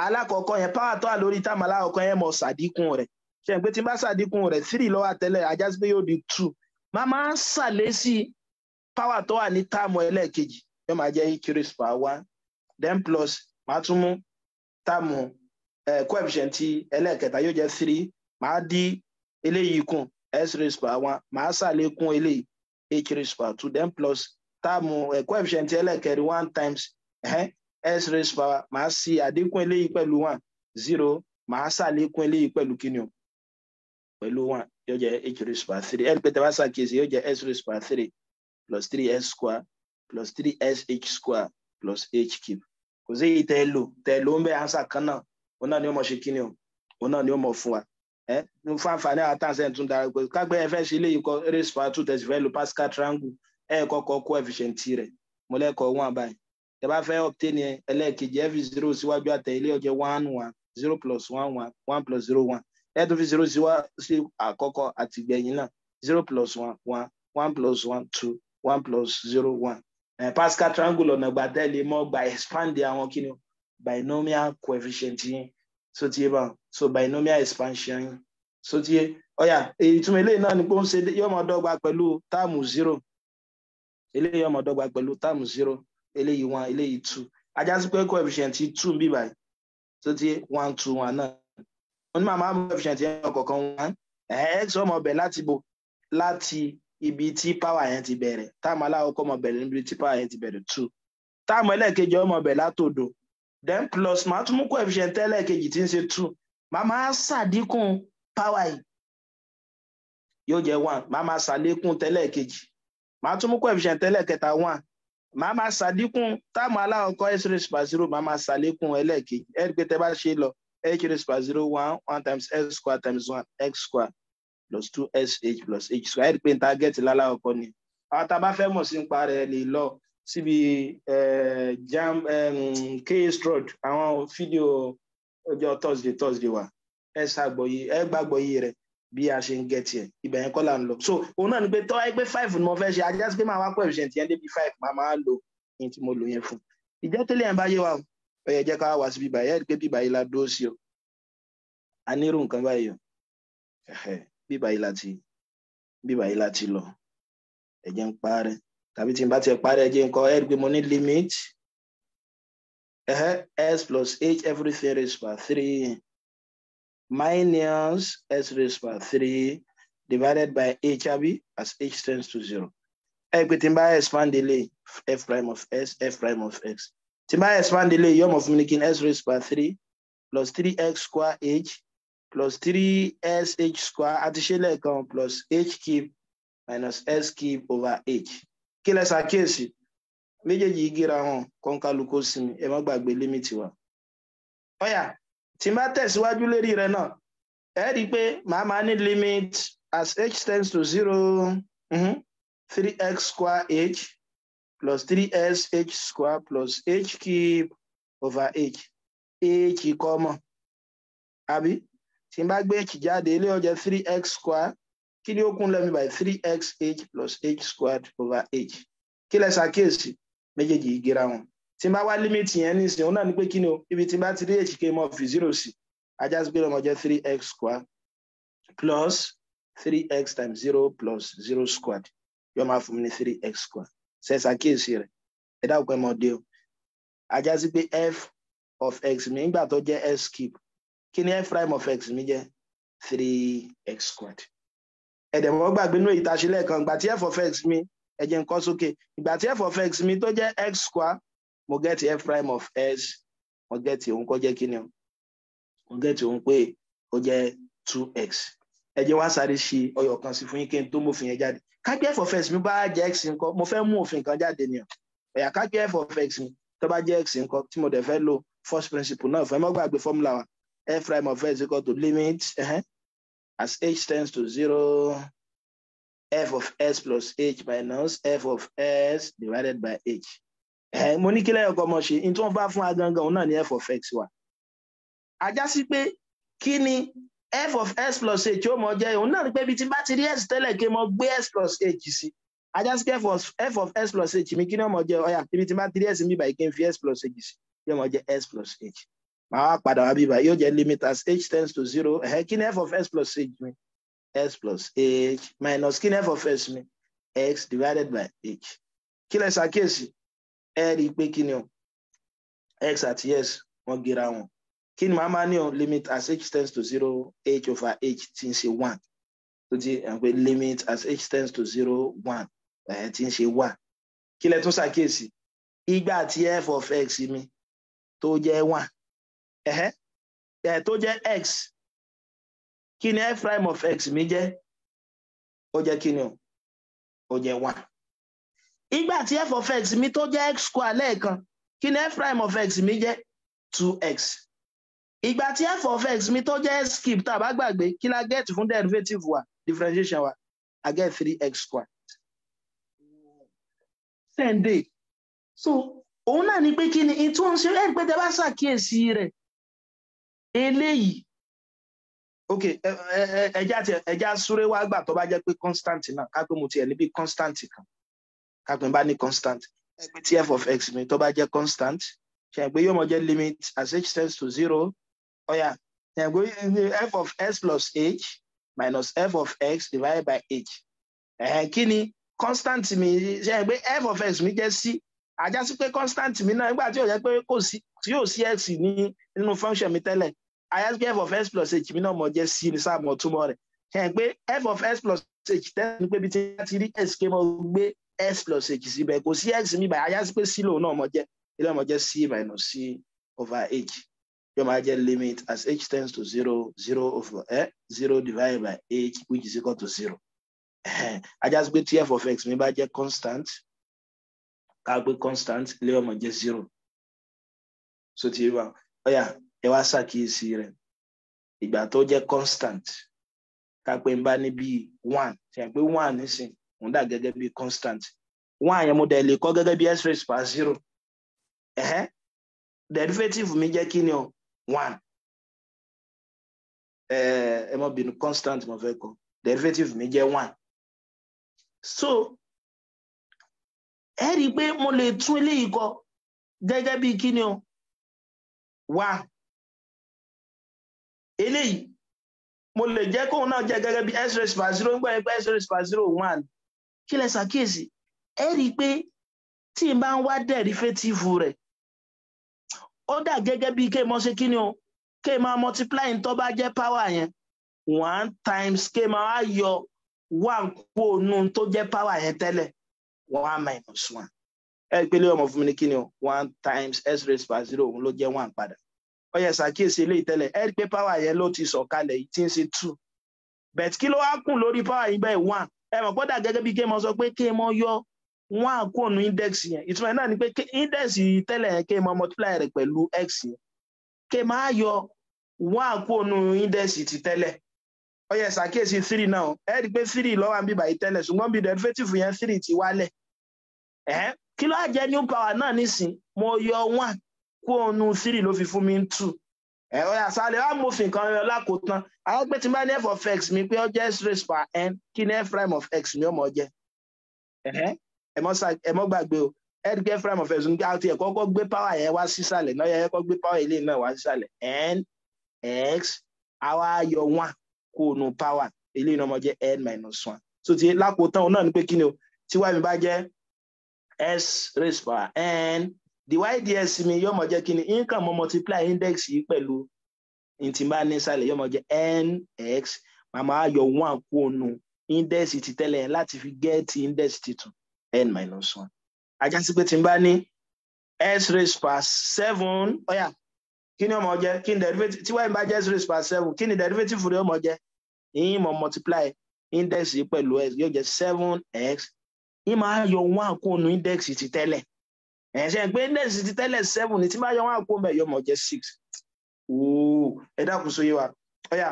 Speaker 1: alákọ̀ọ́kọ́ yẹn power tó wà lórí táàmù alákọ̀ọ́kọ́ yẹn mọ̀ ṣàdínkù rẹ̀ ṣe pé tí n bá ṣàdínkù rẹ̀ three ló wà tẹ́lẹ̀ ajá sí pé di two ma máa ṣàlẹ́ sí power tó wà ní táàmù ẹlẹ́ẹ̀kejì yóò máa jẹ́ increase per wa. then plus máa tún mú táàmù eh, coefficient ẹlẹ́ẹ̀kẹta yóò jẹ́ three ma dí eléyìí kù s raised by one màá ṣàlékún eléyìí h raised by two then plus táàmù coefficient ẹlẹ́kẹrin one times s raised by, power màá ṣe àdínkù eléyìí pẹ̀lú one zero màá ṣàlékún eléyìí pẹ̀lú kíni pẹ̀lú one yóò jẹ́ h raised by three ẹ̀ pẹ̀tẹ̀ bá ṣàkíyèsí yóò jẹ́ x raised by three plus three s square plus three s h square plus h cube kò sí èyí tẹ́ ẹ lò tẹ́ ẹ lò ń bẹ́ ansa kan náà òun náà ni ó mọ̀ ṣe kíni òun náà ni ó mọ̀ fún wa fún àǹfààní àwọn tàǹsẹ̀ tún dára pé kágbé ẹ fẹ́ ṣe ilé yìí kọ race for two thirty fẹ́ lo Pascal triangle ẹ kọ́kọ́ coefficient rẹ̀ mọ́lẹ́kọ̀ọ́ wọn báyìí ẹ bá fẹ́ obtain yẹn ẹlẹ́ẹ̀kejì ẹ zero síwájú àtẹ ilé ọjọ́ one one zero plus one one one plus zero one ẹ tún fi zero sí àkọ́kọ́ àtìgbẹ̀yìn náà zero plus one one one plus one two one plus zero one ẹ Pascal triangle ọ̀nà gbàtẹ́ lè mọ́ gba expand àwọn kíni binomial coefficient yẹn so ti yé báwọn so binomial expansion so ti yé ọyà oh ìtumọ̀ eléyìí náà ni pé ó ń ṣe yóò máa dọ́gba pẹ̀lú táàmù zero eléyìí yóò máa dọ́gba pẹ̀lú táàmù zero eléyìí one eléyìí two ajá sí pé coefficient two bí báyìí tó ti one two one náà wọn ní màmá mú coefficient yẹn ọ̀kọ̀ọ̀kan one x ọmọ ọbẹ̀ láti bo láti ibi tí power yẹn ti bẹ̀rẹ̀ táàmù aláwọ̀kọ́ ọmọ bẹ̀rẹ̀ níbi tí power yẹn ti bẹ̀rẹ̀ two táàmù ẹlẹ́ẹ̀kejì ọmọ ọbẹ̀ látòdò then plus màá tún mú coefficient ẹlẹ́ẹ̀kejì tí ń ṣe two màá máa ṣàdínkù power yìí yóò jẹ́ one màá máa ṣàlékún tẹ́lẹ̀ kejì màá tún mú coefficient tẹ́lẹ̀ kẹta one màá máa ṣàdínkù táàmù aláwọ̀kọ́ x raised by zero màá máa ṣàlékún ẹlẹ́ẹ̀kejì ẹ rí pé bá ṣe lọ x raised by zero one one times x square times one x square plus two sh plus h square ẹ rí pé n ta gẹ́ẹ̀tì láláwọ̀kọ́ ni àwọn tá bá fẹ́ mọ̀ sí nípa rẹ̀ lè lọ síbi eh, jam eh, mm, k strode àwọn fídíò ọjọ́ thursday thursday wa ẹ ṣàgbọ̀yé ẹ gbàgbọ̀yé rẹ̀ bí a ṣe ń gẹ tiẹ̀ ibẹ̀ yẹn kọ́ là ń lọ so òun náà ni pé tọ́ ẹ pé five ni mo fẹ́ ṣe ajá sí pé màá wá coefficient yẹn débi five màá máa lo ní tí mo lò yẹn fún ìjẹ́ tẹ́lẹ̀ yẹn bá yé wa ó yẹ jẹ́ ká wá sí bíbá yẹn pé bíbá yìí la dúró sí o a nírú nǹkan báyìí o bíbá yìí la ti bíbá yìí la ti lọ ẹ jẹ́ ń parẹ́ tàbí tí n bá tiẹ̀ parẹ́ ẹ jẹ́ ń kọ́ ẹ rí pé mo ní limit uh S plus H, everything raised by 3. Minus S raised by 3 divided by HRB as H tends to 0. Equating by s one delay, F prime of S, F prime of X. s one delay, yom of minikin S raised by 3 plus 3X square H plus 3SH square additional account plus H cube minus S cube over H. Kí lẹ case. méjèèjì gíra hàn kọ́ńkálukó sinmi ẹ má gbàgbé límìtì wa. ọ̀yà tí n bá tẹ̀síwájú lérí rẹ̀ náà ẹ rí i pé màá máa ní limit as h tends to zero mhm, three x square h plus three s h square plus h cube over h h kọ́mọ̀ àbí tí n bá gbé h jáde ilé ọjà three x square kí ni ó kún lẹ́mi by three x h plus h squared over h kí lẹ ṣàkíyèsí méjèèjì yìí gera wọn tí n bá wá límìtì yẹn nísìnyí òun náà ni pé kí ni o ibi tí n bá ti rí hk mọ fi zero sí ajá sí pé ọmọ jẹ three x squared plus three x times zero plus zero squared yóò máa fún mi ní three x squared ṣẹṣẹ àkíyèsí rẹ ẹ dáhùn pé mo o ajá sí pé f of x mi nígbà tó jẹ x cube kí ni f prime of x mi jẹ three x squared ẹ̀dẹ̀mọ́ gbàgbé nínú ìtaṣílẹ̀ kan gbà tí f of x mi ẹ jẹ́ n kọ sókè ìgbà tí f of x mi tó jẹ́ x square mo get f prime of s mo get òun kó jẹ́ kí ni o mo get òun pé ó jẹ́ two x ẹ jẹ́ wá sáré ṣe ọyọ kan sí fún yín kí n tó mòfin yẹn jáde kápẹ́ f of x mi bá jẹ́ x ńkọ́ mo fẹ́ mú òfin kan jáde ni o ẹ̀yà kápẹ́ f of x mi tó bá jẹ́ x ńkọ́ tí mo dẹ̀ fẹ́ lo first principle náà fẹ́ mọ́ gbàgbé formula wa f prime of s equal to limit uh -huh, as h tends to zero f of s plus h minus f of s divided by h mo ní kílẹ̀ ọkọ̀ ọmọ ṣe ní tí wọ́n bá fún agangan òun náà ní f of x wà ajá sí pé kí ni f of s plus h ó mọ jẹ òun náà ni pé ibi tí bá ti rí s tẹ́lẹ̀ kí n gbé s plus h sí ajá sí pé f of s plus h mi kí ni ọmọ jẹ ọyà ibi tí n bá ti rí s mi báyìí kí n fi s plus h sí yóò mọ jẹ s plus h màá padà wá bí báyìí yóò jẹ limit as h tends to zero kí ni f of s plus h mi x plus h minus kí ni f of x mi x divided by h kí lẹ ṣàkíyèsí ẹ rí i pé kí ni o x àti s wọ́n gera wọn kí ni màá máa ní o limit as h tends to zero h over h tí ń ṣe one tó ti hàn pé limit as h tends to zero one ẹ̀ tí ń ṣe one kí lẹ tún ṣàkíyèsí ìgbà tí f of x mi tó jẹ́ one ẹ̀hẹ́ ẹ̀ tó jẹ́ x kí ni Ephraim of x mi jẹ́ ó jẹ́ kí ni o ó jẹ́ one ìgbà tí f of x mi tó jẹ́ x square lẹ́ẹ̀kan kí ni Ephraim of x mi jẹ́ two x ìgbà tí f of x mi tó jẹ́ skip tá a bá gbàgbé kí la get fún derivative wa differentiation wa i get three x square sunday so òun náà ni pé kí ni ìtúnṣe ẹ̀ pé tẹ bá ṣàkíyèsí rẹ̀ eléyìí ok ẹja tiẹ ẹja súré wá gbà tó bá jẹ́ pé constant náà ká pé mo tiẹ̀ níbi constant kan ká n bá ní constant pé tf of x mi tó bá jẹ́ constant ṣe pé yóò mọ jẹ́ limit as h tends to zero ọ̀yà ṣe pé f of s plus h minus f of x divided by h ẹ̀hẹ̀n kí ni constant mi ṣe pé f of x mi jẹ́ c àjásí pé constant mi náà nígbà tí yóò jẹ́ pé kò sí tí yóò sí x ní nínú function mi tẹ́lẹ̀ f of s plus h mi náà mọ̀ jẹ́ c ní sáà mọ̀ hẹn pé f of s plus h tẹ́sán pé bí tí wọ́n ti rí x ké mọ́ gbé x plus h síbẹ̀ kò sí x mi báyìí ayásí pé c lòun náà mọ̀ jẹ́ ilé ọmọ jẹ́ c minus c over h yóò máa jẹ́ limit as h tends to zero zero over eh, zero divided by h which is equal to zero ajásí pé tí f of x mi bá jẹ́ constant ká gbé constant ilé ọmọ jẹ́ zero so ti rí wa ọ̀yà. Oh, yeah. ẹ wá ṣàkíyèsí rẹ ìgbà tó jẹ constant ká pé bá ní bíi one ṣe pé one nísìn òun dà gẹ́gẹ́ constant one yẹn mo dẹ̀ lè kọ́ gẹ́gẹ́ bíi x raised power zero derivative mi jẹ́ kí ni o one ẹ bínú constant mo fẹ́ derivative mi jẹ́ one so ẹ rí i pé mo lè tún eléyìí kọ gẹ́gẹ́ bíi kí ni mo lè jẹ́ kóun náà jẹ́ gẹ́gẹ́ bí x-ray super zero nígbà yẹn pé x-ray super zero one kí lẹ ṣàkíyèsí ẹ rí i pé tí n bá ń wá dẹ̀rífẹ́tìfù rẹ̀ ó dà gẹ́gẹ́ bí kéèmọ́ ṣe kí ni o kéèmọ́ multiply n tó bá jẹ́ power yẹn one times kéèmọ́ á yọ one kú ònú tó jẹ́ power yẹn tẹ́lẹ̀ one minus one ẹ pé ọmọ fún mi ní kí ni o one times x-ray super zero òun ló jẹ́ one padà ọyẹ ṣàkíyèsí eléyìí tẹ́lẹ̀ ẹ rí power yẹn ló ti sọ̀kalẹ̀ yìí tí ń ṣe two bẹ̀t kí ló wá kùn lórí power yìí bẹ́ẹ̀ one ẹ mọ̀ gbọ́dọ̀ gẹ́gẹ́ bí kéèmọ sọ pé kéèmọ yọ one kúrò ní index yẹn ìtumọ̀ yẹn náà ni pé index tẹ́lẹ̀ yẹn kéèmọ multiply rẹ̀ pẹ̀lú x yẹn kéèmọ á yọ one kúrò ní index ti tẹ́lẹ̀ ọyẹ ṣàkíyèsí three náà ẹ rí i pé three lọ́wọ́ àbí báyìí tẹ́lẹ̀ ṣùgbọ́n bí derivative yẹn three ti wálẹ̀ kí ló á jẹ́ new power náà nísìn mo yọ one kó ọnu sírì ló fi fún mi ń tù ẹ̀rọ àṣàlẹ̀ wà mòfin kan rẹ̀ lákòótán àwọn pé tí n bá ní f of x mi pé ó jẹ́ x raised per n kí ni f prime of x mi ó mọ̀ jẹ́ ẹ mọ́ gbàgbé o edgar prime of x ń gbé àti ẹ̀kọ́ kọ́ gbé power yẹn wá sísàlẹ̀ náà yẹ kọ́ gbé power ilé náà wá sísàlẹ̀ n x àwa ayọ̀ one kó o nu power ilé náà mọ̀ jẹ́ n minus one so ti lákòótán òun náà ni pé kí ni o tí wàá mi bá jẹ́ s raise per n the yds mi yóò mọ jẹ kí ni income mo multiply index yìí pẹ̀lú ntì bá ní sàlẹ̀ yóò mọ jẹ nx màmá ayọ one kú ònu index ti tẹ́lẹ̀ yẹn láti fi get index titun n minus one ajá sí pé tí n bá ní x raised per seven ó yá kí ni ó jẹ kí ni derivative tí wọ́n bá jẹ́ x raised per seven kí ni derivative rẹ̀ ó mọ jẹ yín mọ multiply index yìí pẹ̀lú x yóò jẹ seven x yín máa yọ one kú ònu index ti tẹ́lẹ̀ ẹ̀ ṣe pé index ti tẹ́lẹ̀ seven ní tí bá yọ wọn àpò bẹ̀ yọmọ jẹ́ six ooo ẹ dákun sóyè wa ọ̀yà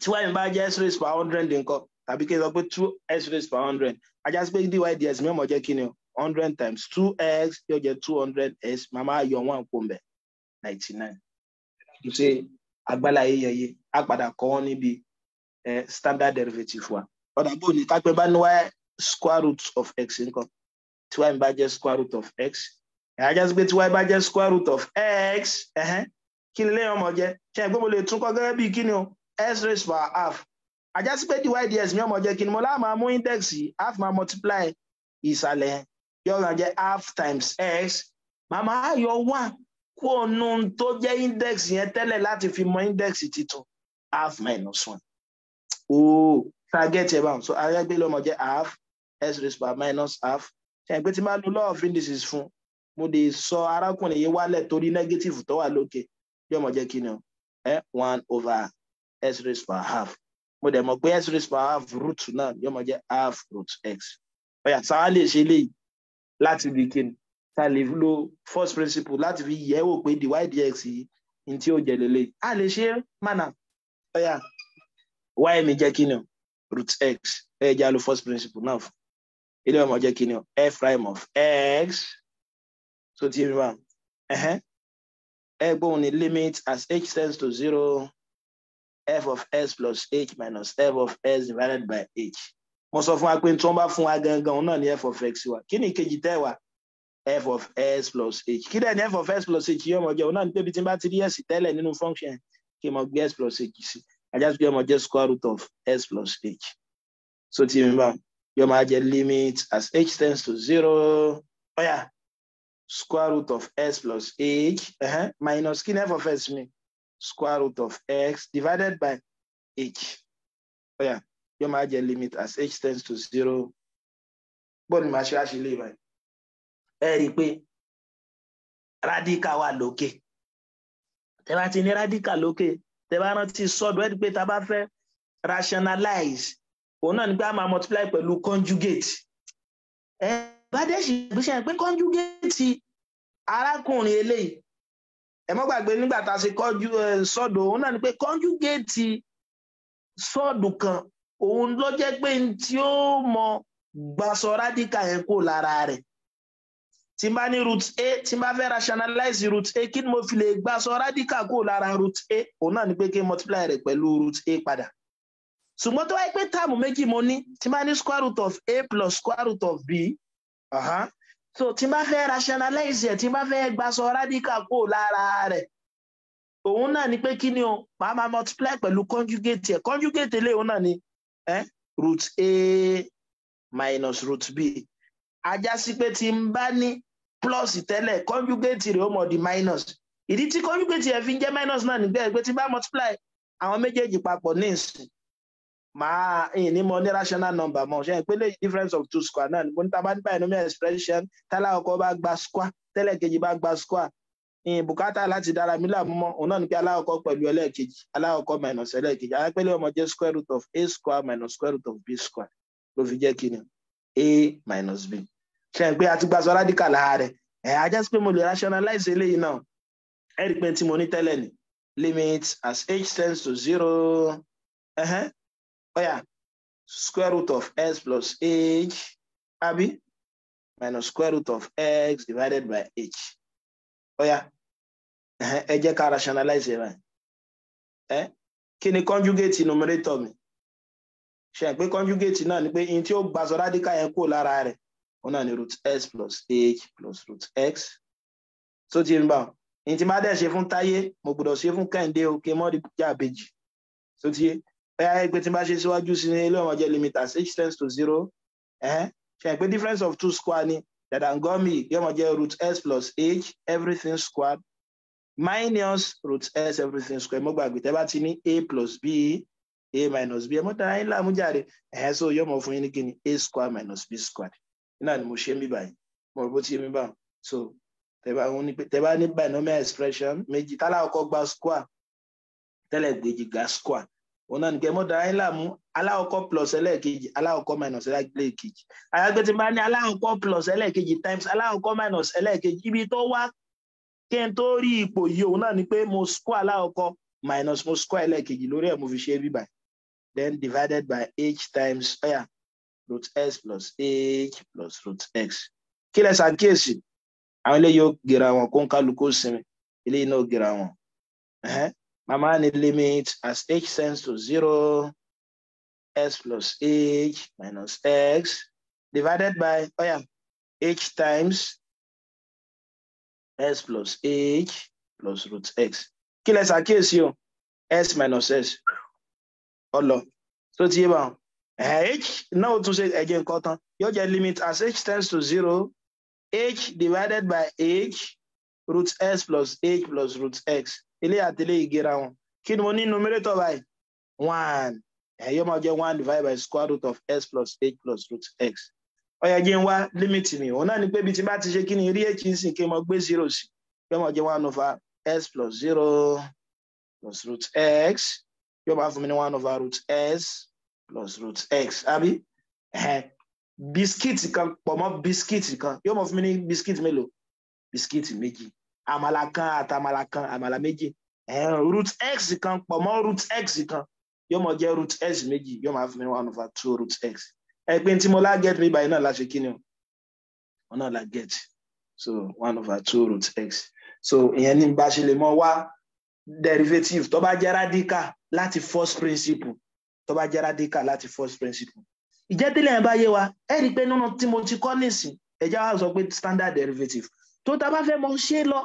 Speaker 1: tí wáyé bá jẹ́ x raised per hundred nǹkan tàbí kí n sọ pé two x raised per hundred ajá sí pé dydx mi ò mọ̀ jẹ́ kí ni o hundred times two x yóò jẹ́ two hundred x màmá yọ wọn àpò bẹ̀ ninety nine kò ṣe agbára yẹyẹ á padà kọ́ wọn níbi standard derivative wa ọ̀dà bò ní kápẹ́ bá ní wáyé square root of x nǹkan tí y bá jẹ́ square root of x ẹ̀yà jẹ́ pé tí y bá jẹ́ square root of x ẹ̀hẹ́n kí ni lẹ́yìn ọmọ jẹ́ ṣe ẹ̀gbọ́n mo lè tún kọ́ gẹ́gẹ́ bíi kí ni o x raised by half àjá sí pé dy dx mi ọmọ jẹ́ kí ni mo láà máa index yìí half máa multiply ìsàlẹ̀ yóò ràn jẹ́ half times x màmá ayọ̀ one kó nu tó jẹ́ index yẹn tẹ́lẹ̀ láti fi mọ index titun half minus one ooo target ẹ̀ báwọn so ayẹ́gbẹ́ lọ́mọ jẹ́ half x raised by minus half ẹgbẹ́ tí máa lo law of indices fún mo lè sọ arákùnrin yìí wálẹ̀ torí negative tó wà lókè yóò mọ̀ jẹ́ kí ni one over x raised by half mo dẹ̀ mọ̀ pé x raised by half root náà yóò mọ̀ jẹ́ half root x ọ̀yà sáà lè ṣe léyìí láti bí kí ni ta lè lo first principle láti fi yẹ̀ wò pé dy dx yìí ní tí ó jẹ lélẹ̀ a lè ṣe mánà ọ̀yà y mi jẹ́ kí ni root x ẹ̀ jẹ́ a first principle náà fún ilé ọmọ jẹ́ kíni o f prime of x so ti rí wa ẹ limit as h tends to zero f of s plus h minus f of s divided by h mo sọ fún wa pé tí wọ́n bá fún wa gangan náà ní f of x wa kí ni ìkejì tẹ́ wa f of s plus h kí dẹ̀ ní f of s plus h yóò mọ̀ jẹ́ òun náà ní pé ibi tí n bá ti rí s tẹ́lẹ̀ nínú function kí n mọ̀ gbé s plus h sí ajá tó yẹ mọ̀ jẹ́ square root of s plus h so ti rí wa. Your margin limit as h tends to zero Oh yeah, square root of s plus h uh-huh, minus kí f of x mi square root of x divided by h Oh yeah, your margin limit as h tends to zero bọ́ọ̀lù máa ṣe àṣìlè báyìí ẹ rí radical wà lókè tẹ bá ti ní radical lókè tẹ bá rántí so ẹ pé tá a bá fẹ́ rationalize òun náà ni gbaa a máa multiply pẹ̀lú conjugate ẹ bá dẹ̀ pé conjugate arákùnrin eléyìí ẹ mọ́ nígbà tá a ṣe kọ́jú sọ́dọ̀ òun náà ni pé kan òun ló jẹ́ pé n tí ó mọ gbàsọ rádíkà yẹn kó lára rẹ̀ tí n bá ní root a tí n bá fẹ́ rationalize root a kí ni mo fi lè rádíkà root a òun náà ni pé kí n multiply rẹ̀ pẹ̀lú ṣùgbọ́n tó wáyé pé táàmù méjì mo ní tí máa ní square root of a plus square root of b uh-huh. so tí máa fẹ́ rationalize ẹ̀ tí máa fẹ́ gbaṣọ radical kúrò lára rẹ̀ òun náà ni pé kí ni o màá máa multiply pẹ̀lú conjugate ẹ̀ conjugate lé òun náà ni eh? root a minus root b ajá sí pé tí n bá ní plus tẹ́lẹ̀ conjugate rẹ̀ ó mọ̀ di minus ìdí tí conjugate ẹ̀ fi jẹ́ minus náà nígbà pé tí n bá multiply àwọn méjèèjì papọ̀ ní ìsìn máa ẹ̀yìn ní mo ní rational number mọ̀ ṣe é pé difference of two square náà mo ní ta bá ní binomial expression tálá ọkọ bá gba square tẹ́lẹ̀ kejì bá gba square ẹ̀yìn bùkátà láti dára mi láàmú mọ́ òun náà ní pé aláwọ̀kọ́ pẹ̀lú ẹlẹ́ẹ̀kejì aláwọ̀kọ́ minus ẹlẹ́ẹ̀kejì alápẹ́lẹ́ ọmọ jẹ́ square root of a square minus square root of b square ló fi jẹ́ kí ni a minus b ṣe é pé a ti gba sọ radical láàárẹ̀ ẹ̀ ajá sí pé mo lè rationalize eléyìí náà ẹ̀rí pé tí mo ní tẹ́lẹ̀ ni limit as h tends to zero. Uh -huh. oh yeah, square root of x plus h, abi, minus square root of x divided by h. Oh yeah, ẹ jẹ́ ká rationalize ẹ̀ báyìí. Ẹ kí ni conjugate numerator me Ṣé pé conjugate náà ni pé in tí ó gba sọ radical yẹn kúrò lára rẹ̀, òun ni root s plus h plus root x. so ti ń bá wọn ní tí má dẹ̀ ṣe fún táyé mo gbọ́dọ̀ ṣe fún kẹ́hìndé òkè mọ́rí jàbejì tó ti ẹgbẹ́ tí n bá ṣe síwájú sí ní ilé ọ̀wọ́n jẹ́ limiters h tends to zero ṣe pé difference of two square ni dadangomi yọmọ jẹ́ root s plus h everything squared minus root s everything squared mo gbàgbé tẹ́ bá ti ní a plus b a minus b ẹ mọ́ tara yín láàmújáde so yọmọ fún yín ní kíni a square minus b squared iná ni mo ṣe ń bí báyìí mo rò bó ti yé mi báyìí so tẹ́ bá ní binomial expression méjì tálá ọkọ̀ gba square tẹ́lẹ̀ gbèjì gba square òun náà nìkẹ́ mọ́tò ayé làmú aláwọ̀kọ́ plus ẹlẹ́ẹ̀kejì aláwọ̀kọ́ minus elekeji àyàgbé tí n bá ní aláwọ̀kọ́ plus ẹlẹ́ẹ̀kejì times aláwọ̀kọ́ minus elekeji ibi tó wá kí n tó rí ipò yìí òun minus mo elekeji lori lórí ẹ̀ mo then divided by h times ọ̀yà root s plus h plus root x kí lẹ ṣàkíyèsí àwọn eléyìí ó gèrè àwọn kó ń kálukú sinmi My money limit as h tends to zero, s plus h minus x divided by, oh yeah, h times s plus h plus root x. Kí lẹ you. S minus s. Oh Tó so yé bá eh, h now to say again, nǹkan tán. Yóò limit as h tends to zero h divided by h root s plus h plus root x. ilé àtẹlé ìgera wọn kí ni mo ní numerator báyìí one ẹ̀yọ́ máa jẹ́ one divided by square root of s plus h plus root x ọ̀yà jẹ́ ń wá límìtì mi òun náà ni pé ibi tí bá ti ṣe kí ni rí h ń kí n mọ gbé zero sí yóò máa jẹ́ one over s plus zero plus root x yóò máa fún mi ní one over root s plus root x àbí bisikíìtì kan pọ̀ mọ́ bisikíìtì kan yóò máa fún mi ní bisikíìtì mélòó bisikíìtì méjì àmàlà kan àtàmàlà kan àmàlà méjì root x kan pọ̀ mọ́ root x kan yóò mọ jẹ́ root x méjì yóò máa fún mi one over two root x ẹgbẹ́ tí mo lá get mi báyìí náà la ṣe kí ni o wọn náà la get so one over two root x so ìyẹn ní bá ṣe lè mọ wá derivative tó bá jẹ́ radical láti first principle tó bá jẹ́ radical láti first principle ìjẹ́tẹ̀lẹ̀ ẹ̀ bá yé wa ẹ̀ rí i pé nínú tí mo ti kọ́ nísìn ẹ̀já wa sọ pé standard derivative tó ta bá fẹ́ mọ ṣe lọ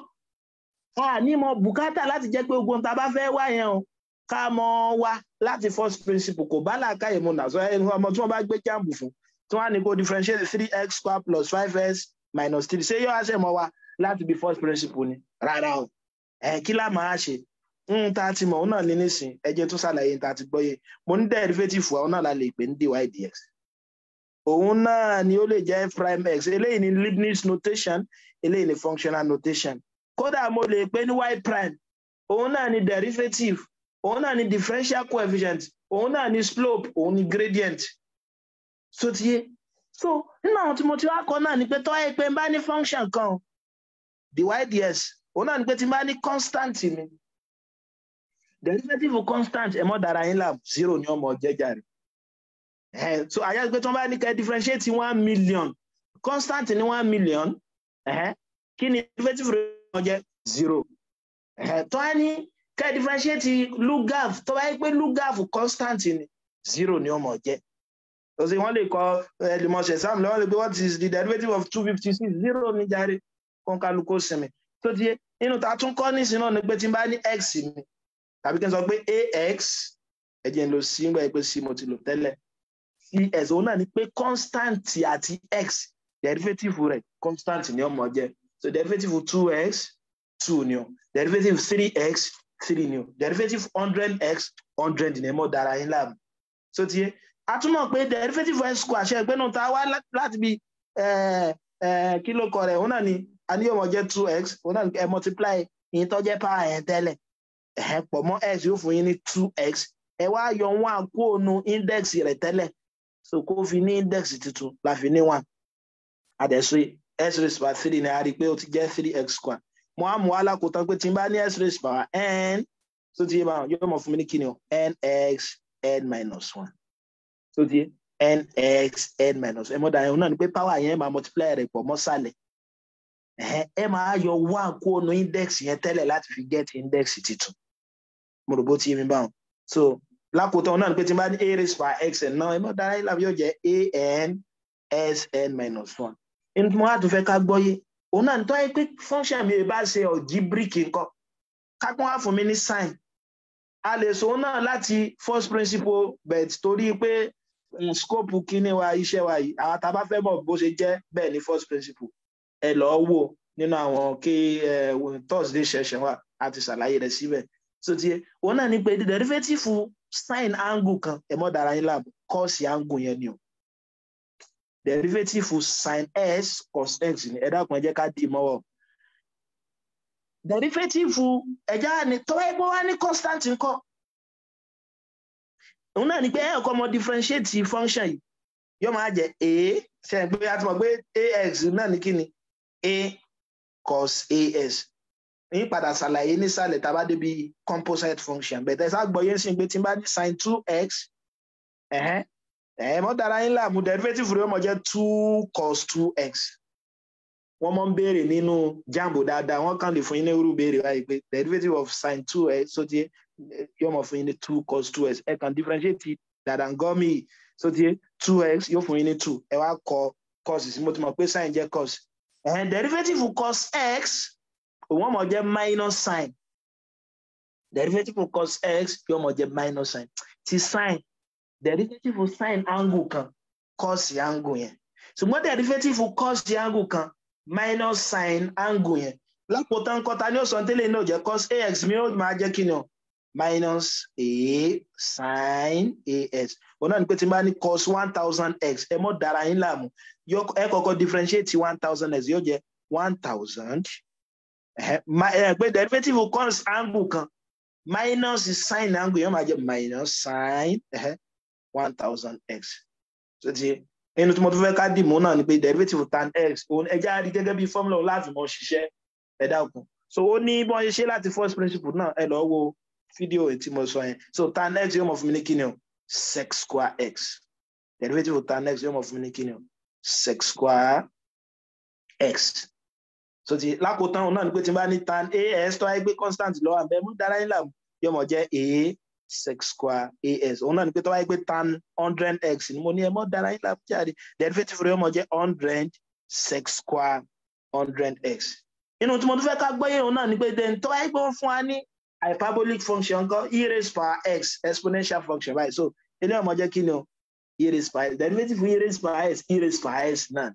Speaker 1: a ní mọ bùkátà láti jẹ́ pé ogun tá a bá fẹ́ wá yẹn o ká mọ wá láti first principle kò bá làákàyè mu nà sọ ẹni ọmọ tí wọ́n bá gbé jáàmù fún tí wọ́n á ní kó differentiate three x square plus five x minus three ṣé yóò ṣe mọ wa láti bí first principle ni rárá o ẹ kí lá máa ṣe ń ta ti mọ̀ ọ́ náà ní nísìn ẹjẹ́ tó ṣàlàyé ta ti gbọ́yé mo ní derivative ọ̀ náà la lè pè ní dy dx òun náà ni ó lè jẹ́ prime x eléyìí ni Leibniz notation eléyìí ni functional notation kódà mo lè pè ní y prime òun náà ni derivative òun náà ni differential coefficient òun náà ni slope òun ni gradient so ti yé so nínú àwọn tí mo ti wá kọ náà ni pé tọ́ ẹ pé n bá ní function kan dy òun náà ni pé tí n bá ní constant mi derivative constant ẹ mọ́ dára yín lab zero ni ọmọ jẹjà rẹ so àyà pé tí wọ́n bá ní kẹ́ differentiate one million constant ni one million kí ni derivative rate náà zero tó á ní ká differentiate lugaf tó bá yẹ pé lugaf constant ni zero ni ó mọ̀ jẹ́ ọ̀sẹ̀ wọ́n lè kọ ẹ̀lìmọ̀ṣẹ̀ sam lọ́wọ́ lè pé what is the derivative of two fifty six zero ni jàre kọ́ńkálukó sinmi tó ti yé nínú ta tún kọ́ nísìn náà ni pé tí n bá ní x mi tàbí kí n sọ pé ax ẹ̀jẹ̀ ń lo c ń gbà pé c mo ti lò tẹ́lẹ̀ cs òun náà ni pé constant àti x derivative rẹ̀ constant ni ó mọ̀ jẹ́ So derivative of 2x, 2 new, derivative of 3x, 3 new, o. Derivative 100x, 100 ni ẹ mọ̀ in lab. So ti yé. A tún mọ̀ pé derivative x square ṣe ẹgbẹ́ náà ta wá láti bi kí ló kọ rẹ̀ òun ni a ní ọmọ jẹ́ 2x òun náà multiply ìyẹn tó jẹ́ power ẹ̀ tẹ́lẹ̀ ẹ̀ pọ̀ mọ́ x yóò fún yín ní 2x ẹ wá yọ 1 kó o nu index rẹ̀ tẹ́lẹ̀ so ko o fi ní index tuntun la fi ní 1 adẹ̀sọ́ yìí x raised by three ni a rí i pé ó ti jẹ́ three x square mo á mú alákòótán pé tí n bá ní x raised by n tó ti yé báwọn yóò mọ̀ fún mi ní kíni o nx n minus one tó ti yé nx n minus ẹ mọ̀ dà yẹn náà ni pé power yẹn máa multiply rẹ̀ pọ̀ mọ́sàlẹ̀ ẹ máa yọ one kó nu index yẹn tẹ́lẹ̀ láti fi get index titun mo rò bó ti yé mi báwọn so lákòótán náà ni pé tí n bá ní a raised by xn náà ẹ mọ̀ dára ìlànà yóò jẹ́ an xn minus one mo á tún fẹ́ ká gbọ́yé òun náà nítorí pé function mi bá ṣe ọ̀jí bíríkì nǹkan kápọ́n wá fún mi ní sign a lè sọ òun náà láti first principle bet torí pé mm, scope kíní wa iṣẹ́ wa yìí àwọn tá a bá fẹ́ mọ̀ bó ṣe jẹ́ bẹ́ẹ̀ ni first principle ẹ lọ́ọ́ wò nínú àwọn kí thursday session wa àti ṣàlàyé rẹ̀ síbẹ̀ so tiẹ̀ òun náà ní pé derivative sign angle kan ẹ̀ mọ́ dára yín láàbù kọ́ọ̀sì angle yẹn ni o derivative sin s cos x ni ẹ dákun ẹ jẹ́ ká dì í derivative ẹ̀já ni tọ́wọ́ ẹgbẹ́ wa ní constant ńkọ́ òun náà ni pé ẹ̀yàn kọ́ mọ differentiate function yìí yóò máa jẹ a ṣe é pé a ti mọ̀ pé ax náà ní kí ni a cos as ní padà ṣàlàyé nísàlẹ̀ tá a bá débi composite function bẹ̀tẹ̀ sá gbọ́ yẹn sí pé tí n bá ní sin two x ẹ mọ dára yín láàmú derivative rẹ mọ jẹ two cos two x wọ́n mọ ń béèrè nínú jambo dáadáa wọ́n kàn lè fún yín ní irú béèrè báyìí pé derivative of sine two x so ti yóò mọ fún yín ní two cos two x ẹ kàn differentiate dáadáa ngọ́ so ti two x yóò fún yín ní two ẹ wá kọ cos sí mo ti mọ̀ pé sin jẹ́ cos ẹ̀hẹ́n derivative cos x òun ọmọ jẹ́ minus sin derivative cos x yóò mọ jẹ́ minus sine. ti sine derivative of sine angle kan cos angle yẹn ṣùgbọ́n derivative of cos angle kan minus sine angle yẹn lápò tán kọta ní òsàn tẹ́lẹ̀ náà jẹ́ cos ax mi ó máa jẹ́ kí ni o minus a sin as. òun náà ni pé tí n bá ní cos one thousand x ẹ mọ́ dára yín láàmú ẹ kọ́kọ́ differentiate one thousand x yóò jẹ́ one thousand pé derivative of cos angle kan minus sin angle yẹn máa jẹ́ minus sin. 1,000 x tó ti inú tí mo tún fẹ́ ká dìmú náà ni pé derivative tan x òun ẹja rí gẹ́gẹ́ bí formula láti mọ ṣiṣẹ́ ẹ̀dá òkun so ó ní bí wọ́n ṣe ṣe láti first principle náà ẹ lọ́ọ́ wo fídíò tí mo sọ yẹn so tan x yóò mọ̀ fún mi ní kíni o sec square x derivative tan x yóò mọ̀ fún mi ní kíni o sec square x so ti lákòótán òun náà ni pé tí n bá ní tan as tó wáyé gbé constant lọ́wọ́ àbẹ̀mú dára nílà yóò mọ̀ jẹ́ a sec square as òun náà ni pé tó wáyé pé tan hundred x ni mo ní ẹ mọ́ dára yín lápútì àdé derivative rẹ̀ ọmọ jẹ́ hundred sec square hundred x. inú tí mo tún fẹ́ ká gbọ́ yẹn òun náà ni pé then tó wáyé pé wọ́n wa ní hyperbolic function kan e raised power x exponential function báyìí so ilé ọmọ jẹ́ kí o e raised power x derivative e raised power x e raised power x náà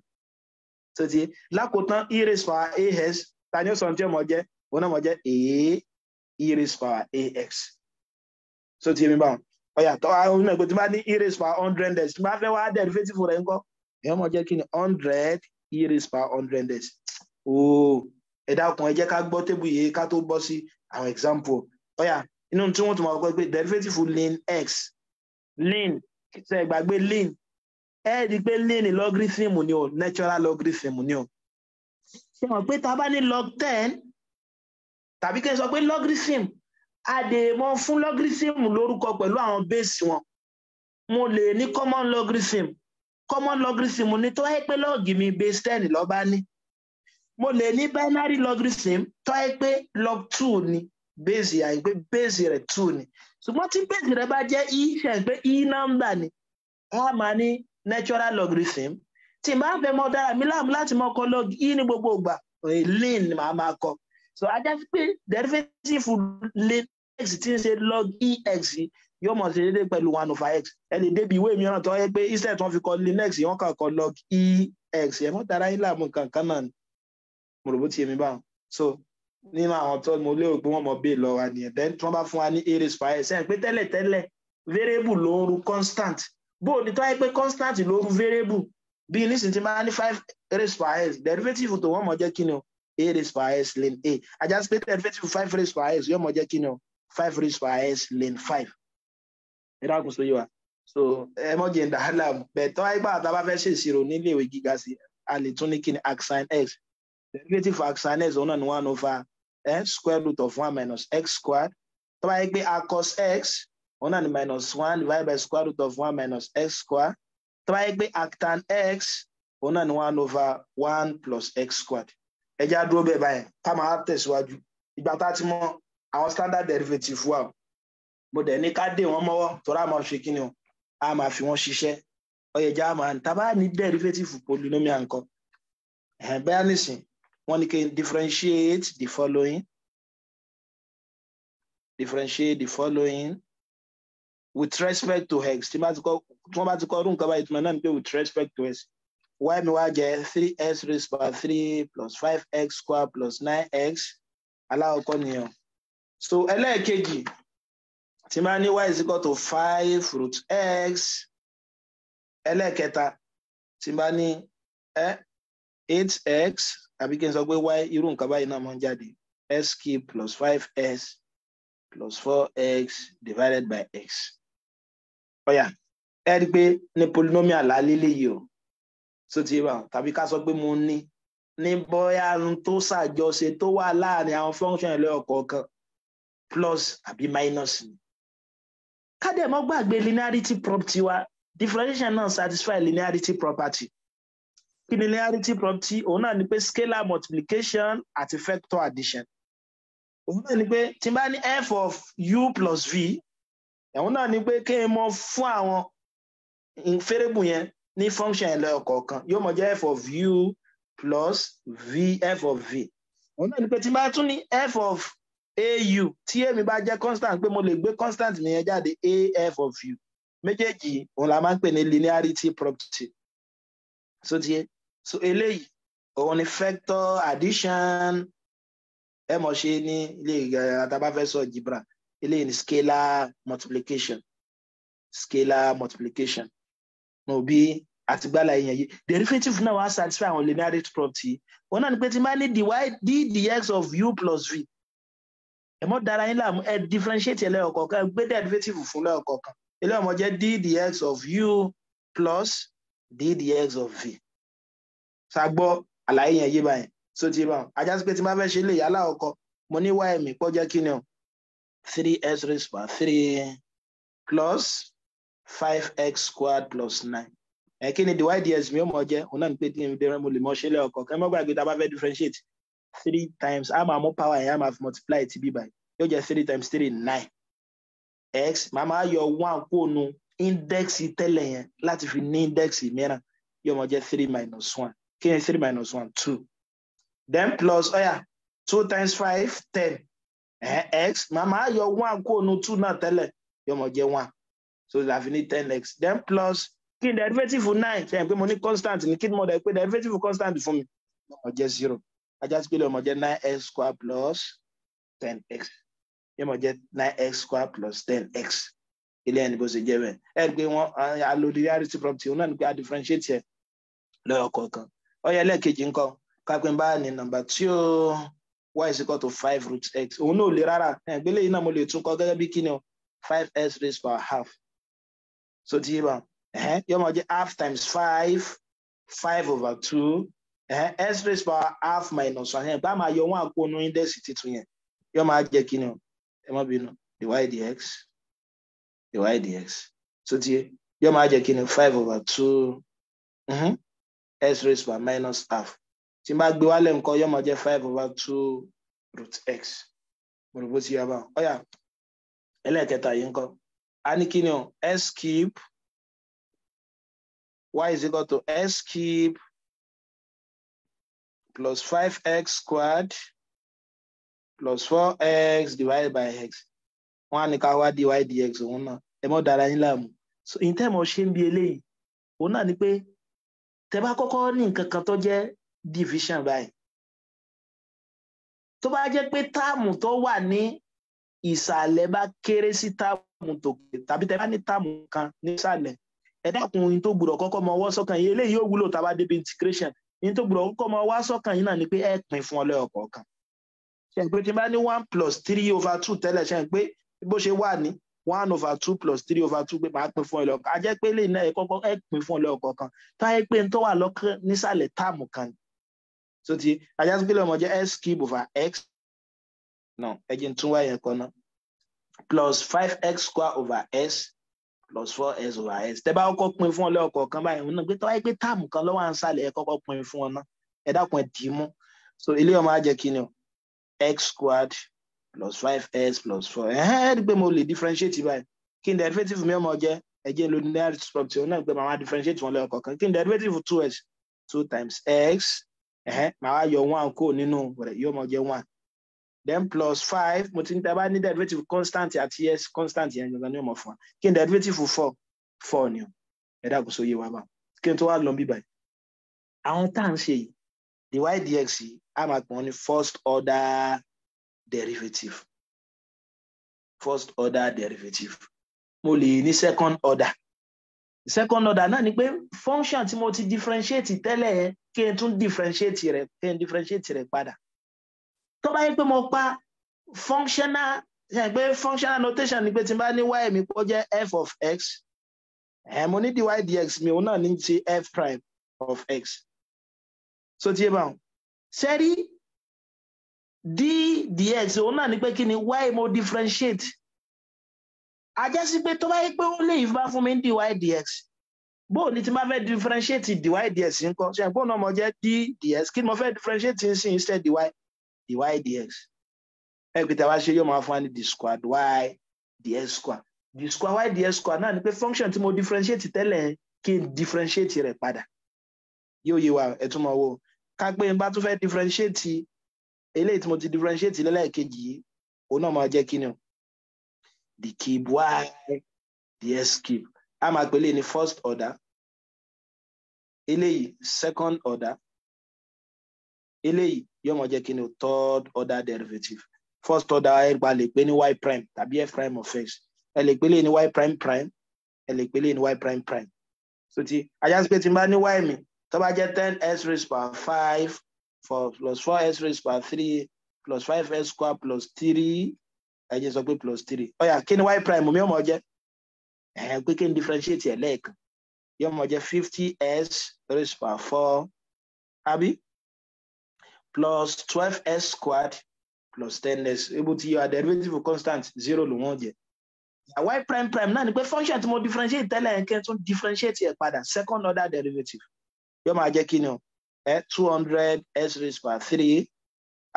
Speaker 1: so ti lákòótán e raised power as ta ni ó sọ ní tí ọmọ jẹ́ òun náà mọ̀ a e raised power ax tó ti mi bá wọn ọyà tó àwọn ọmọ ẹgbẹ́ tí bá ní erase per hundred days tí bá fẹ́ wá derivative rẹ̀ ńkọ́ èèyàn mọ̀ jẹ́ kí ni hundred erase per hundred days ooo ẹ dákun ẹ jẹ́ ká gbọ́ tébù yìí ká tó bọ́ sí àwọn example ọyà inú tí wọ́n tún máa kọ́ pé derivative ln x ln ṣe gbàgbé ln ẹ rí i pé ln logarithm ni o natural logarithm ni o ṣe mọ̀ pé tá a bá ní log ten tàbí kí n sọ pé logarithm àdèmọ fún logarithm lórúkọ pẹ̀lú àwọn base wọn mo lè ní common logarithm common logarithm ni tó yẹ pé lọ́ọ̀gì mi base ten ló bá ní mo lè ní binary logarithm tó yẹ pé log two ni base àyè pé base rẹ̀ two ni ṣùgbọ́n tí base rẹ̀ bá jẹ́ e ṣe àyè pé e number ni wọ́n á máa ní natural logarithm tí n bá fẹ́ mọ dára mi láàmú láti mọ kọ log e ní gbogbo ìgbà lean ni màá máa kọ so ajá sí pé derivative lean x tí ń ṣe log ex yóò mọ̀ ṣe déédéé pẹ̀lú one over x ẹ lè débi ìwé mìíràn tó yẹ pé instead wọn fi kọ linex wọn kàn kọ log ex ẹ mọ́ tara yín láàmú kankan náà ni mo rò bó ti yẹ mi báwọn so nínú àwọn tó mo lérò pé wọ́n mọ̀ bẹ́ẹ̀ lọ wa nìyẹn then wọ́n bá fún wa ní a raise by x pé tẹ́lẹ̀ tẹ́lẹ̀ variable ló ń ru constant bó o ní tó yẹ pé constant ló ń ru variable bí nísìnyí ti máa ní five a raise by derivative tó wọ́n mọ̀ jẹ́ kí ni o a raise by a ajá pé derivative five raise by x yóò mọ̀ jẹ́ kí ni o five reach per s lane five ẹ dákun sóyè wa so ẹ mọ jẹ ndàhálà bẹẹtọ àìgbà àtàbà fẹ́ ṣèṣirò nílé ìwé gíga sí a lè x derivative of axine x òun náà ni one over eh, square root of one minus x squared tó bá yẹ pé a cos x òun náà ni minus one divided by square root of one minus x squared tó bá yẹ pé a x òun náà ni one over one plus x squared ẹ já dúró bẹ́ẹ̀ báyẹn ká máa tẹ̀síwájú ìgbà tá a ti mọ àwọn standard derivative wà o mo dẹ̀ ní ká dé wọn mọ́wọ́ torí àmọ́ ṣe kí ni o a máa fi wọn ṣiṣẹ́ ọ̀yẹ̀já a máa ta bá ní derivative polynomial nǹkan bẹ́ẹ̀ nísìn wọ́n ní kí n differentiate the following differentiate the following with respect to x tí wọ́n bá ti kọ́ ọdún nǹkan báyìí tí wọ́n náà ń pè with respect to x y mi wá jẹ́ three x raised by three plus five x square plus nine x aláwọ̀kọ́ nìyẹn so ẹlẹ́ẹ̀kejì tí máa ní y is equal to five fruit x ẹlẹ́ẹ̀kẹta tí máa ní ẹ eight x àbí kí n sọ pé y irú nǹkan báyìí náà máa ń jáde x cube plus five s plus four x divided by x ó yá ẹ rí i pé ní polynomial lálélẹ́ yìí o so ti rà tàbí ká sọ pé mo ní ní bóyá tó ṣàjọṣe tó wà láàrin àwọn function ẹlẹ́ọ̀kọ̀ọ̀kan plus àbí minus ni kádẹ̀mọ́ gbàgbé linearity property wa differentiation náà satisfy linearity property kí ni linearity property òun náà ni pé scalar multiplication àti factor addition òun náà ni pé tí n bá ní f of u plus v òun náà ni pé kí n mọ fún àwọn fẹ́rẹ́bù yẹn ní function ẹ̀lẹ́ ọ̀kọ̀ọ̀kan yóò mọ̀ jẹ́ f of u plus v f of v òun náà ni pé tí n bá tún ní f of au tí èmi bá jẹ́ constant pé mo lè gbé constant mi yẹn jáde af of u méjèèjì òun la máa ń pè ní linearity property so tiẹ̀ so eléyìí òun ni factor addition ẹ mọ̀ ṣe ní ilé àtàbáfẹ́sọ eh, jibra eléyìí ni scalar multiplication scalar multiplication no bí àtìgbàlà yẹn yìí derivative náà wá satisfy àwọn linearity property wọn náà ni pé tí máa ní dx of u plus v ẹ mọ́ dára yín láàmú ẹ differentiate ẹlẹ́ọ̀kọ̀ọ̀kan gbé derivative fún lẹ́ọ̀kọ̀ọ̀kan eléyìí ọmọ jẹ́ d dx of u plus d dx of v ṣàgbọ́ àlàyé yẹn yé báyìí tó ti bá wọn ajá sí pé tí máa fẹ́ ṣe lè yálà ọkọ mo ní y mi pọ́ jẹ́ kí ni o three x raised by three plus five x squared plus nine ẹ kí ni dy dx mi ó mọ jẹ́ òun náà ní pé tí mo lè mọ ṣe lẹ́ọ̀kọ̀ọ̀kan ẹ mọ́ gbàgbé tá a bá fẹ́ differentiate three times I'm a more power I am máa multiplied to be by. báyìí just three times three nine x Mama, your one kó no index tẹ́lẹ̀ yẹn láti fi ní index mìíràn yóò máa jẹ́ three minus one kí ni three minus one two then plus oh yeah, two times five ten eh, x Mama, your one kó no two náà tẹ́lẹ̀ You máa jẹ́ one so la fi ní ten x then plus kí ni derivative nine ṣe é pé mo constant ní kí ni mo The pé derivative constant fún me. yóò just zero ajásí pé lọ́mọ jẹ́ nine x squared plus ten x yọmọ get nine x squared plus ten x ilé ẹni bó ṣe jẹ́ bẹ́ẹ̀ ẹ rí i pé wọ́n alodiarity property òun náà ni pé a differentiate yẹ lọ́ọ̀kọ̀ọ̀kan ọyọ ẹlẹ́ẹ̀kejì ńkọ́ kápẹ́ bá ní nọ́mbà tí ó y is equal to five root x òun náà ò lè rárá ẹ̀gbẹ́lẹ́ yìí náà mo lè tún kọ́ gẹ́gẹ́ bí kíni o five x raised power half so ti yé bá yọmọ jẹ́ half times five five over two Eh, x raise power half minus one yẹn gbá máa yọ wọn àpò onú index titun yẹn yóò máa jẹ y ni x, ẹ ti yóò five over two mm-hmm. x power minus half tí nkọ bá gbé wálẹ̀ five over two root x mo ti bá ọ yà ẹlẹ́ẹ̀kẹta yìí nǹkan a ní kí y is equal to s plus 5x squared plus 4x divided by x. One á ní ká wá dy dx òun náà. Ẹ mọ́ dára So in tẹ́ mọ̀ ṣe ń bi eléyìí, òun náà ni pé tẹ bá kọ́kọ́ ní division by. Tó bá jẹ́ pé táàmù tó wà ní ìsàlẹ̀ bá kéré tamu táàmù tòkè tàbí tẹ bá ní táàmù kan nísàlẹ̀. Ẹ dákun ohun tó gbúdọ̀ kọ́kọ́ mọ ọwọ́ sọ́kàn yìí eléyìí yóò integration ní tó gbọ́dọ̀ ń kọ́ ọmọ wá sọ́kàn yìí náà ni pé ẹ pín fún ọlẹ́yọ̀ kọ̀ọ̀kan ṣe pé tí n bá ní one plus three over two tẹ́lẹ̀ ṣe pé bó ṣe wà ní one over two plus three over two pé màá pín fún ọlẹ́yọ̀ kọ̀ọ̀kan a jẹ́ pé lẹ́yìn náà ẹ kọ́kọ́ ẹ pín fún ọlẹ́yọ̀ kọ̀ọ̀kan tó ayé pé n tó wà lọ́kàn nísàlẹ̀ táàmù kan so ti ajá sí pé lọ́mọ jẹ́ x cube over x no ẹ jẹ́ n tún wáyé ẹ̀kọ́ náà plus five x square over s plus four s over s bá kọ́kọ́ pín fún ọlẹ́ ọkọ̀ kan báyìí náà pé tọ́ wáyé táàmù kan lọ́wọ́ à ẹ kọ́kọ́ pín fún ọ náà ẹ dákun ẹ dì í mú so ilé ọmọ á jẹ o x squared plus five s plus four ẹ ẹ rí pé mo lè differentiate báyìí kí ni derivative mi ọmọ jẹ ẹ jẹ́ lo linear property òun náà pé màá differentiate wọn lẹ́ọ̀kọ̀ kan kí ni derivative two s two times x màá yọ one kúrò nínú rẹ̀ yóò mọ jẹ one then plus five mo ti ń tẹ́bá derivative constant àti yes constant yẹn gangan ní ọmọ fún wa kí ni derivative four four ni o ẹ̀dá kò sóye wa bá kí ni tó wá lọ bí báyìí àwọn tá ṣe yìí dy dx yìí a máa pọ̀ ní first order derivative first order derivative mo lè ní second order second order náà ni pé function tí mo ti differentiate tẹ́lẹ̀ yẹn kí n tún differentiate rẹ̀ kí n differentiate rẹ̀ padà tó bá yẹ pé mo pa functional pé functional notation ni pé tí n bá ní y mi pọ̀ jẹ́ f of x mo ní dy dx mi òun náà ní ti f prime of x so tí yé báwọn sẹ́rí d dx òun náà ní pé kí ni y mo differentiate àjẹsí pé tó bá yẹ pé ó lè yìí bá fún mi ní dy dx bóò ni tí máa fẹ́ differentiate dy dx nǹkan ṣe àgbọ̀n náà mo jẹ́ d dx kí ni mo fẹ́ differentiate nsìn instead dy dy dx ẹ pé tí a bá ṣe yóò máa fún wa ní d squared y dx square d square y dx square náà ni pé function tí mo differentiate tẹ́lẹ̀ kí n differentiate rẹ̀ padà yóò yé wa ẹ tún máa wo ká pé n bá tún fẹ́ differentiate eléyìí tí mo ti differentiate lẹ́lẹ́kejì yìí òun náà máa jẹ́ kí ni o d cube y dx cube a máa pèlè ní first order eléyìí second order eléyìí yóò mọ jẹ́ kí ni third order derivative first order ẹ gba lè pé ní y prime tàbí f prime of x ẹ lè pélé ní y prime prime ẹ lè pélé ní y prime prime so ti ajá sí pé tí n bá ní y mi tó bá jẹ́ ten x raised power five for plus four x raised power three plus five s square plus three ẹ jẹ́ sọ pé plus three ó yá kí ni y prime mi ó mọ jẹ́ pé kí n differentiate ẹ̀ lẹ́ẹ̀kan yóò mọ jẹ́ fifty x raised power four Abi plus 12s squared plus 10s ebo ti derivative of constant zero ló wọ́n jẹ. ìyàwó prime prime náà ni pé function tí mo differentiate tẹ́lẹ̀ yẹn kẹ́ tún differentiate ẹ̀ padà second order derivative yóò máa jẹ́ kí ni o ẹ two hundred s raised by three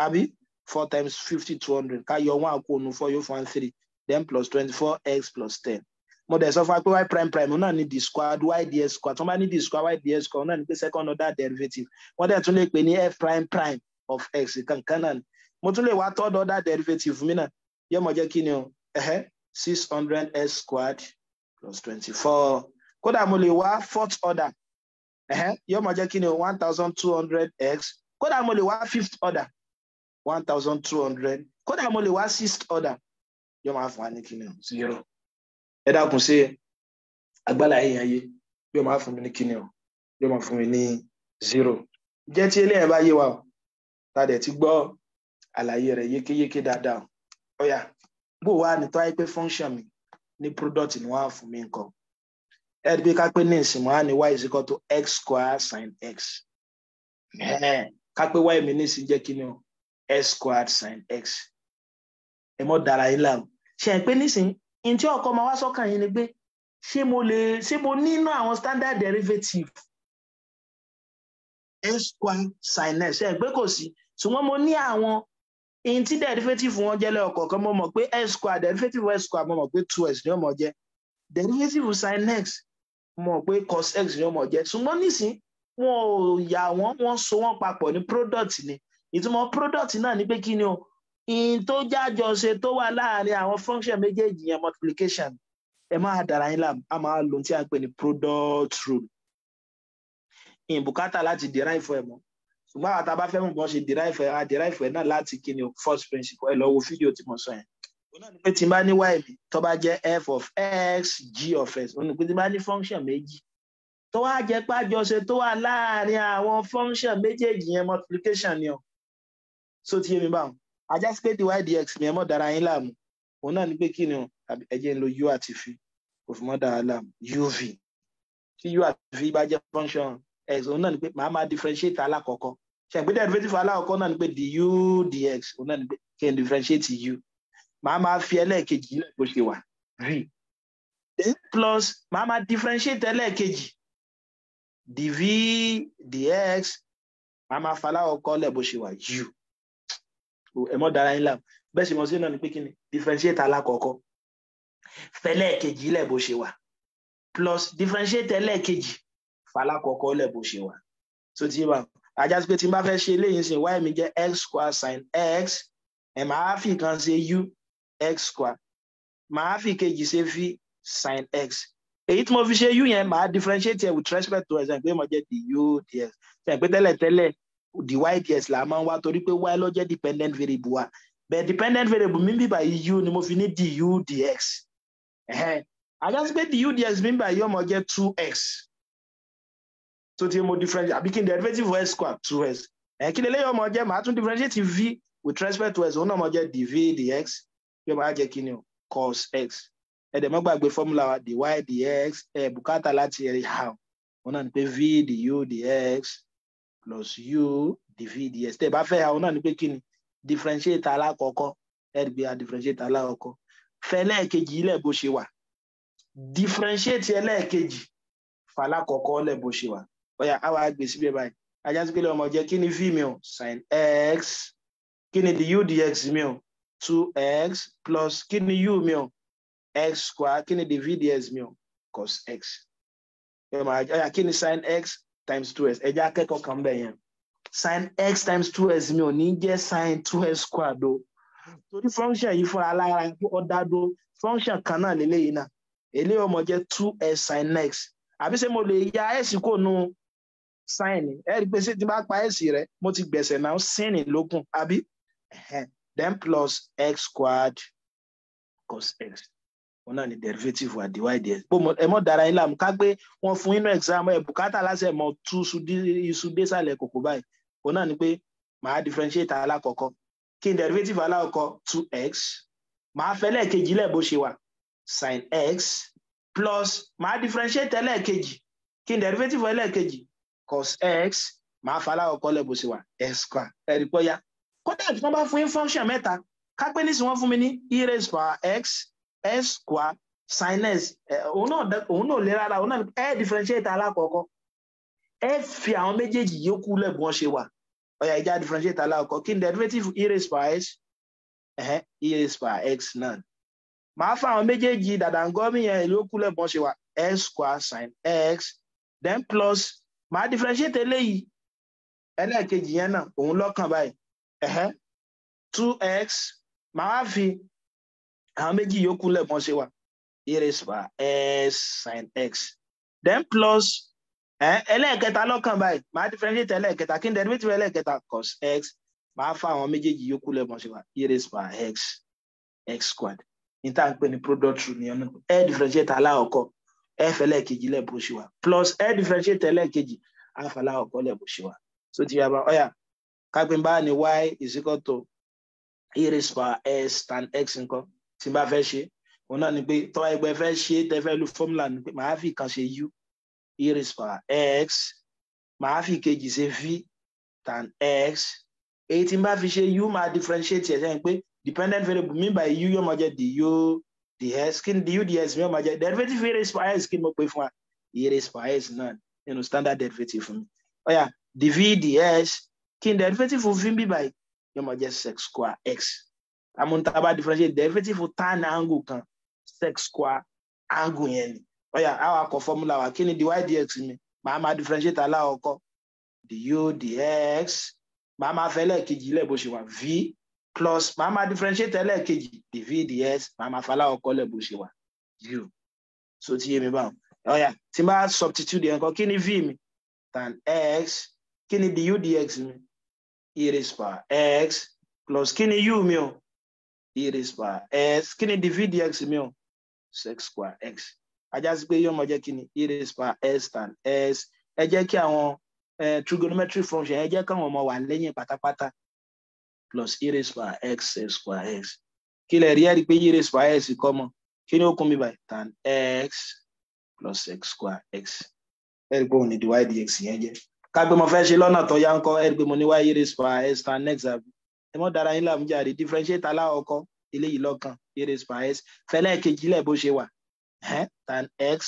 Speaker 1: Abi four times fifty two hundred ká yọ one kó nu four you fún one three then plus twenty four x plus ten mo dẹ̀ so fún wa y prime prime náà ní d squared y ds squared tí wọ́n bá ní squared y ds squared náà ní pé second order derivative wọ́n dẹ̀ tún lè pè ní f prime prime of x kankan náà ni mo tún lè wá third order derivative mi náà yóò mọ jẹ́ kí o six hundred x squared plus twenty four kódà mo lè wá fourth order yóò mọ jẹ́ kí ni o one thousand two hundred x kódà mo lè wá fifth order one thousand two hundred kódà mo lè wá sixth order yóò máa fún wa ní o zero ẹ dákun sí agbára èèyàn yé yóò máa fún mi ní kí o yóò máa fún mi ní zero jẹ́ tí eléyàn bá yé wa o ta dẹ̀ ti gbọ́ àlàyé rẹ̀ yékéyéké dáadáa ó yá bó wàá ní tó function mi ní product ni wọ́n á fún mi nǹkan ẹ bí ká ní ìsìn á ní y is equal to x square sin x ká pé y mi ní ìsìn jẹ́ kí ni o x square sin x ẹ mọ́ dára yín láàmú ṣe pé nísìn ní tí ọkọ máa wá sọ́kàn yín ni pé ṣé mo lè ṣé mo nínú àwọn standard derivative s square sin s ẹ pé kò sí ṣùgbọ́n mo ní àwọn ihun tí derivative wọn jẹ́ lẹ́ọ̀kọ̀ọ̀kan mo mọ̀ pé s square derivative s square mo mọ̀ pé two s ni ó mọ̀ jẹ́ derivative sin x mo mọ̀ pé cos x ni ó mọ̀ jẹ́ ṣùgbọ́n nísìn wọn ò yà wọ́n wọ́n so wọ́n papọ̀ ní product ni ìtumọ̀ product náà ni pé kí ni o ihun tó jájọ ṣe tó wà láàárín àwọn function méjèèjì yẹn multiplication ẹ máa dàrá yín làm a máa lo ohun tí a pè ní product rule ìbùkátà láti derive ẹ̀ mọ́ ṣùgbọ́n àwọn àtàbá fẹ́mù bọ́n ṣe derive a derive ẹ̀ náà láti kíni first principle ẹ̀ lọ wo fídíò tí mo sọ yẹn òun náà ni pé tí n bá ní y mi tó bá jẹ́ f of x g of x òun ni pé tí n bá ní function méjì tó wá jẹ́ pájọṣe tó wà láàárín àwọn function méjèèjì yẹn multiplication ni o so ti yé mi báwọn ajá sí pé dy dx mi ẹ mọ̀ dára yín láàmú òun náà ni pé kí ni o ẹ jẹ́ n lo u àti fi kò fi mọ́ dára láàmú uv tí u àti fi bá jẹ́ function òun náà ni pé màá máa differentiate alákọ̀ọ́kọ́ ṣẹ̀gbẹ́ derivative alákọ̀ọ́kọ́ náà ni pé du dx òun náà ni pé kí n differentiate u màá máa fi ẹlẹ́ẹ̀kejì náà bó ṣe wà v plus màá máa differentiate ẹlẹ́ẹ̀kejì dv dx màá máa falákọ̀ọ́kọ́ lẹ̀ bó ṣe wà u ẹ̀mọ́ dára yín láàmú bẹ́ẹ̀ sì mọ̀ sí náà ni pé kí ni differentiate alákọ̀ọ́kọ́ fẹ́lẹ́ẹ̀kejì lẹ̀ bó ṣe wà plus differentiate ẹlẹ́ẹ̀kejì falákọ̀ọ́kọ́ lẹ̀ bó ṣe wà tó ti wà ajá sí pé tí n bá fẹ́ ṣe eléyìí sìn y mi jẹ́ x square sin x ẹ̀ máa fi kan ṣe u x square máa fi kejì ṣe v sin x èyí tí mo fi ṣe u yẹn máa differentiate yẹn with respect to ẹ̀sìn pé mo jẹ́ du dx ṣe pé tẹ́lẹ̀tẹ́lẹ̀ dy dx là máa ń wá torí pé y ló jẹ́ dependent variable wa but dependent variable mi bí báyìí u ni mo fi ní du dx ajá sí pé du dx mi bí ọmọ jẹ́ two x tó ti mo differentiate àbí kí n derivative of x square two x ẹ̀ kí lélẹ́yìn ọmọ jẹ́ màá tún differentiate v with respect to x òun náà ọmọ jẹ́ dv dx yóò máa jẹ́ kí ni o cos x ẹ̀dẹ̀ mọ́ gbàgbé formula wa dy dx ẹ̀ bùkátà láti ẹ̀rí how òun náà ni pé v du dx plus u dv dx tẹ̀ bá fẹ́ ha òun náà ni pé kí ni differentiate alákọ̀ọ́kọ́ ẹ̀rí bí a differentiate alákọ̀ọ́kọ́ fẹ́ lẹ́ẹ̀kejì ilẹ̀ bó ṣe wà differentiate ẹlẹ́ẹ̀kejì falákọ̀ọ́kọ́ lẹ̀ bó ṣe wà Oya, àwa àgbè síbi ẹ̀ báyìí ajá sí pé ọmọ jẹ́ kí ni v mi o sin x kí ni du dx mi o two x plus kí ni u mi o x square kí ni dv dx mi o cos x Oya, kí ni sin x times two x ẹ̀jẹ̀ akẹ́kọ̀ọ́ kan bẹ̀ yẹn sin x times two x mi ò ní jẹ́ sin two x squared o torí function yìí fúnra lára ọ̀dà do function kan náà lélẹ́yìn náà èlé ọmọ jẹ́ two x sin x àbí ṣé mo lè ya s kò nu sign ni ẹ rí i pé ṣé tí bá pa s rẹ mo ti gbẹ̀sẹ̀ náà sin ní lókun àbí then plus x squared cos x òun náà ni derivative wa dy dx bó ẹ mọ dára yín láàmú ká gbé wọn fún inú exam ẹ bùkátà láti ẹ mọ tú iṣu désàlẹ̀ kòkó báyìí òun náà ni pé màá differentiate alákọ̀ọ́kọ́ kí n derivative alákọ̀ọ́kọ́ two x màá fẹ́ lẹ́ẹ̀kejì lẹ́ẹ̀ bó ṣe wà sin x plus màá differentiate ẹlẹ́ẹ̀kejì kí n derivative ẹlẹ́ẹ̀kejì cos x máa fa aláwọ̀kọ́ lẹ́bù sí wa x square ẹ̀rí pọ́ ya kódà tí wọ́n bá fún yín function mẹ́ta kápẹ́ nísìnyí wọ́n fún mi ní e raised power x x square sin x òun náà lè rárá òun náà ẹ̀ differentiate alákọ̀ọ́kọ́ ẹ fi àwọn méjèèjì yòókù lẹ́bù wọn ṣe wà ọ̀yà ìjà differentiate alákọ̀ọ́kọ́ kí ni derivative e raised power x e raised power x náà màá fa àwọn méjèèjì dàdàngọ́mì yẹn yòókù lẹ́bù wọn ṣe wà x square sin x then plus màá differentiate eléyìí ẹlẹ́ẹ̀kejì yẹn náà òun lọ́kàn báyìí ẹ̀hẹ́ two x màá fi àwọn méjì yòókù lẹ́gbọ́n ṣe wà e is by s sin x then plus ẹlẹ́ẹ̀kẹta lọ́kàn báyìí màá differentiate ẹlẹ́ẹ̀kẹta kí n derivative ẹlẹ́ẹ̀kẹta cos x màá fa àwọn méjèèjì yòókù lẹ́gbọ́n ṣe wà e is by x x squared ní tá à ń product rule nìyẹn náà ẹ differentiate aláwọ̀kọ́ ẹ fẹ́lẹ́ kejì lẹ̀ ṣe wà plus ẹ differentiate ẹlẹ́ẹ̀kejì á fàlà ọ̀kọ́ lẹ̀ bó ṣe wà so ti yàrá ọ̀yà kápẹ́n bá ní y is equal to e s tan x nǹkan tí n bá fẹ́ ṣe òun náà ni pé tọ́ ẹgbẹ́ fẹ́ ṣe tẹ́fẹ́ lu formula ni pé màá fi kan ṣe u e raised x màá fi kejì ṣe v tan x èyí tí n bá fi ṣe u máa differentiate ẹ̀ sẹ́yìn pé dependent variable mi by u yóò máa jẹ́ di u DRS que deu DRS mesmo, mas derivative erase bias que meu pai fala, erase bias não, you know, standard derivative for me. Olha, dv ds que derivative of vim by, you know, just sec square x. A montaba differentiate derivative of tan angle kan sec square angle yẹn. Olha, a kọ formula wa kí ni dy dx mi, màá ma differentiate aláwọ̀ kọ́ du dx, màá ma fẹ́lẹ̀ kejì lẹ̀ bó ṣe wà v plus màá máa differentiate ẹlẹ́ẹ̀kejì david yes màá máa faláwọ kọ́lẹ̀ bó ṣe wà u so ti yé mi báwọn ọ̀yà tí máa substitute nǹkan kí ni v mi tan x kí ni du dx mi e raised by x plus kí ni u mi o e raised by s kí ni dv dx mi o x square x ajá sí pé yóò mọ jẹ́ kí ni e raised by s tan s ẹ jẹ́ kí àwọn eh, trigonometric function ẹ jẹ́ káwọn ọmọ wà lẹ́yìn pátápátá plus e raised by x square x kí lè rí ẹ̀rí pé e raised by x kọ́ mọ́ kí ni ó kún mi báyìí tan x plus x square x ẹ̀rí pé òun ni dy x yẹn jẹ́ ká pé mo fẹ́ ṣe lọ́nà tó yá ń kọ́ ẹ̀rí pé mo ní y e raised by x tan x àbí ẹ mọ́ dára yín láàmú jáde differentiate aláwọ̀ kọ́ eléyìí lọ́kàn e raised by x fẹ́lẹ́ kejì lẹ̀ bó ṣe wà tan x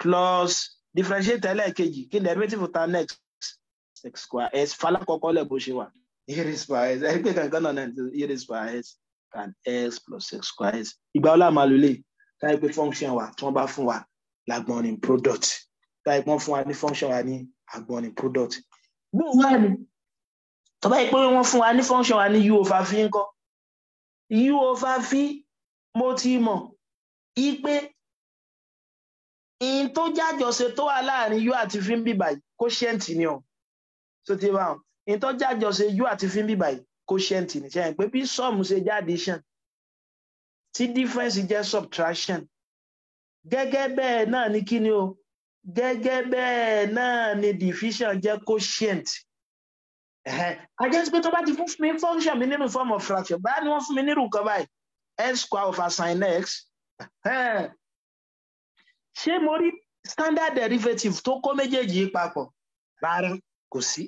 Speaker 1: plus differentiate ẹlẹ́ẹ̀kejì kí ni derivative tan x x square x falakọ́kọ́ lẹ̀ bó ṣe wà aries per x kankan náà náà ní aries per x and x plus x square x ìgbà ọlá máa lò lè táyé pé function wa tí wọ́n bá fún wa làgbọ́n ní product táyé pé wọ́n fún wa ní function wa ní àgbọ́n ní product bó wà ní tó bá yẹ pé wọ́n fún wa ní function wa ní u over v ńkọ́ u over mo ti mọ̀ i pé in tó jájọ ṣe tó wà láàrin u àti v ń bì báyìí quotient ni o tó ti bá wọn ìtọ́jájọ ṣe ju àti fi ń bíbà yìí quotient ní sẹ́yìn pé bí sum ṣe jáde ṣàn tí difference jẹ́ subtraction gẹ́gẹ́ bẹ́ẹ̀ náà ni kí ni o gẹ́gẹ́ bẹ́ẹ̀ náà ni division jẹ́ quotient a jẹ́ pé tó bá ti fún mi function mi nínú form of fraction báyà ni wọ́n fún mi nírú nǹkan báyìí x square over sin x ṣé mo rí standard derivative tó kó méjèèjì papọ̀ rárá kò sí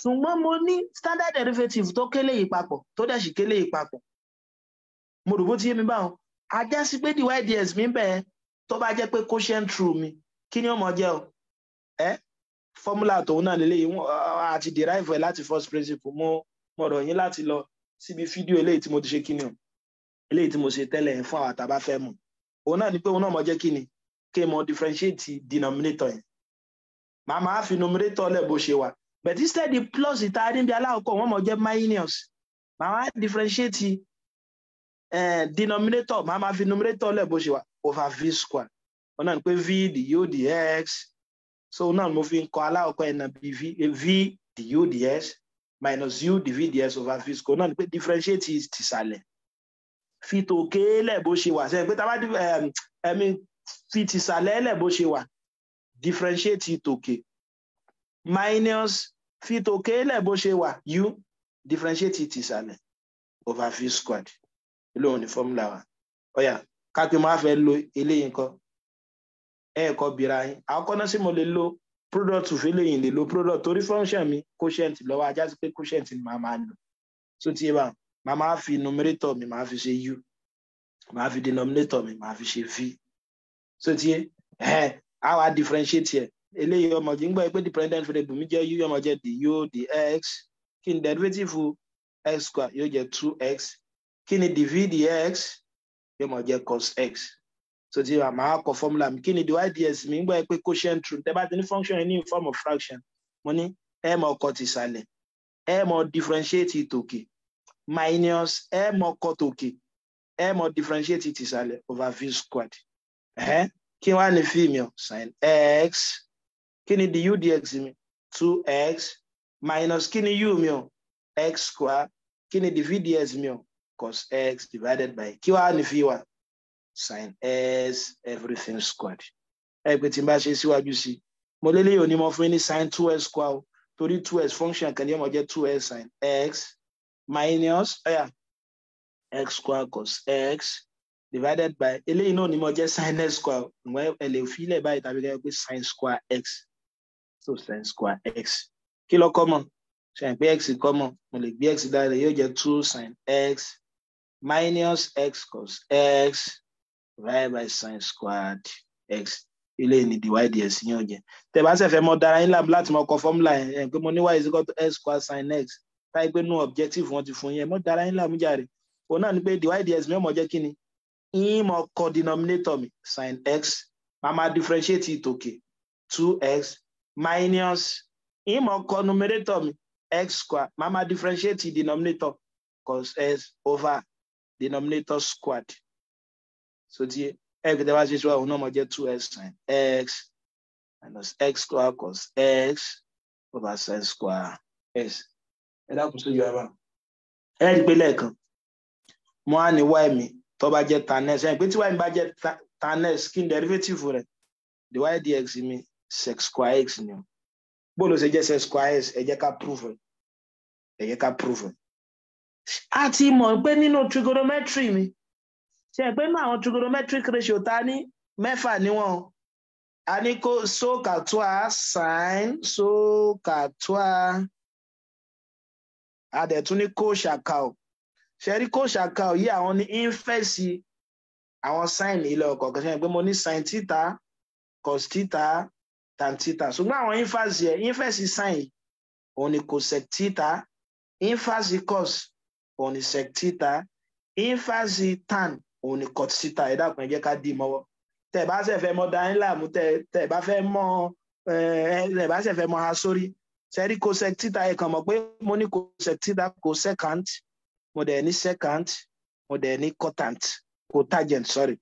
Speaker 1: ṣùgbọ́n mo ní standard derivative tó kélé yìí papọ̀ tó dẹ̀ sì kélé yìí papọ̀ mo rò bó ti yé mi báwọn a já sí pé dYds mi bẹ́ẹ̀ tó bá jẹ́ pé quotient rule mi kí ni ó jẹ́ o ẹ́ formula tòun náà lélẹ́yìí àti derive ẹ̀ láti first principle mo mo rọ̀ yín láti lọ síbi fídíò eléyìí tí mo ti ṣe kí ni o eléyìí tí mo ṣe tẹ́lẹ̀ ẹ̀ fún àwọn àtàbá fẹ́ mọ̀ òun náà ni pé òun náà mọ̀ jẹ́ kí ni kí mo differentiate denominator yẹn màá máa numerator lẹ̀ bó ṣe wà but instead the plus ìta níbi come one more get minus my wá differentiate eh, denominator my máa fi numerator lẹ̀ bó over v square wọn náà v the u du x. so náà mo fi ń kọ alákọ̀ọ́kọ́ ẹ̀ náà bí v du dx minus u the v dv dx over v square náà ní differentiate tìsàlẹ̀ fi tòkè lẹ̀ bó ṣe wà sẹ́yìn pé tá a bá ẹ̀mí eh, fi tìsàlẹ̀ lẹ̀ bó ṣe wà differentiate tòkè minus fi tòkè lẹ̀ bó ṣe wà u differentiate ti ìsàlẹ̀ over v squared lóhun ní fọ́múlà wa ọ̀yà kápẹ́ máa fẹ́ lo eléyìí nǹkan ẹ̀ẹ̀kọ́ bìíra yín àkọ́kọ́ náà sì mo lè lo product òfin lèyìn lè lo product torí function mi quotient lọ́wọ́ ajá sí pé quotient ni màá máa lò tó ti yé bá màá máa fi numerator mi màá fi ṣe u màá fi denominator mi màá fi ṣe v tó ti yé ẹ̀ á differentiate yẹn eléyìí ọmọ jẹ́ ńgbà pé dependent variable mi jẹ́ u ọmọ jẹ́ the u the x kí ni derivative x square yóò jẹ́ two x kí ni the v the x yóò mọ̀ jẹ́ cos x so ti àmà akọ formula mi kí ni the y ds mi ńgbà pé quotient rule tẹ́ bá ti ní function yẹn ní form of fraction mo ní ẹ mọ ọkọ ti ìsàlẹ̀ ẹ mọ differentiate tòkè minus m mọ ọkọ tòkè m mọ differentiate ti ìsàlẹ̀ over v squared kí wàá ní fíìmù sin x. Kini ni du dx mi two x minus kini u mi o x square kini ni dv dx mi o cos x divided by kí wàá ní fi wà sin s everything squared ẹ pé tí n bá ṣe síwájú sí mo lélẹ́yìn òní mo fún ní sin two x square o torí two x function kan ní ọmọ jẹ́ two x sin x minus ó x square cos x divided by eléyìí náà ni mo jẹ́ sin x square ǹgbọ́n ẹ lè fi ilẹ̀ báyìí tàbí kẹ́ pé sin square x so sin square x kí ló common sin pé x common mo lè gbé x dáre yóò jẹ́ two sin x minus x cos x divided by sin squared x ilé ní divide yẹn sí yóò jẹ tẹ́ bá ṣẹ̀fẹ̀ mọ̀ dára yín lab láti mọ̀ kọ fọmúlà yẹn pé mo ní y is equal to x square sin x táyé pé no objective wọn ti fún yẹn mọ̀ dára yín lab jàre òun náà ni pé divide yẹn sí mi ọmọ jẹ́ kí ni yín mọ̀ kọ denominator mi sin x màá máa differentiate ìtòkè two x minus ìmọ̀ kọ numerator x squared. màá máa differentiate denominator cos s over denominator squared so ti ẹgbẹ́ tẹ́ bá ṣe ṣe wá òun náà x sin x minus x squared cos x over sin squared. s ẹ dákun sójú ara ẹ rí i pé lẹ́ẹ̀kan mo á ní y mi tó bá jẹ́ tan s ẹ pé tí y mi bá jẹ́ tan s kí ni derivative rẹ̀ dy dx mi sex square x ni o bóòlù sex square x ẹ jẹ́ ká prove ẹ jẹ́ ká prove a ti mọ̀ pé nínú trigonometry mi ṣe pe nínú àwọn trigonometric ratio ta mefa ni níwọ̀n a ní kó so katua sin so katua a dẹ̀ tún ní kó ṣàkàó ṣe rí kó ṣàkàó yìí àwọn ní ínfẹ́sì àwọn sin ilẹ̀ ọkọ̀ kan ṣe pé mo ní sin theta cos theta tantita ṣùgbọ́n àwọn ínfàsì ẹ̀ ínfẹ̀sì sine òun ni cosec theta ínfàsì cos òun ni sec theta ínfàsì tan òun ni cot theta ẹ dákun ẹ jẹ́ ká dì í mọ́wọ́ tẹ́ ẹ bá ṣe fẹ́ mọ dání láàmú tẹ́ tẹ́ ẹ bá fẹ́ mọ ẹ ẹ bá ṣe fẹ́ mọ ha sórí sẹ́rí cosec theta ẹ kàn mọ̀ pé mo ní cosec theta cosecant mo dẹ̀ ní secant mo dẹ̀ ní cotant cotangent sorry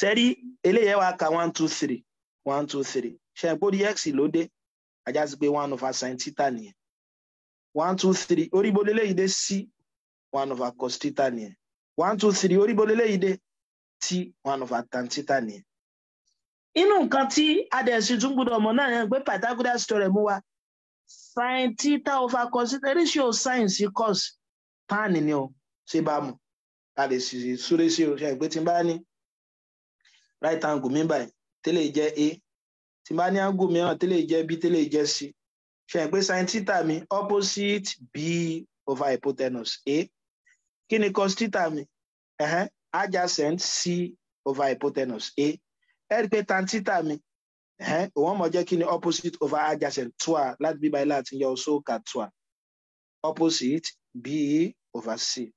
Speaker 1: sẹ́rí eléyẹ̀ wá ka one two three. one two three ṣe x ló Ajazigbe pé one over sin theta nìyẹn one two three dé c one over cos theta nìyẹn one two three dé t one over tan theta nìyẹn. inú nǹkan tí adẹ̀sí tún gbọdọ̀ mọ̀ náà yẹn pé pythagoras theorem wa sin theta over cos theta ratio sin sí cos tan ni o ṣe a lè sì súré sí o ṣe tí n bá ní right angle mi báyìí tẹ́lẹ̀ jẹ́ a tí bá ní angle mìíràn tẹ́lẹ̀ jẹ́ b tẹ́lẹ̀ jẹ́ c ṣe é pé sin theta mi opposite b over hypotenuse a kí ni cos theta mi adjacent c over hypotenuse a ẹ rí i pé tan theta mi òun mọ̀ jẹ́ kí ni opposite over adjacent Two. twa láti bí báyìí láti yọ sóòkà twa opposite b over c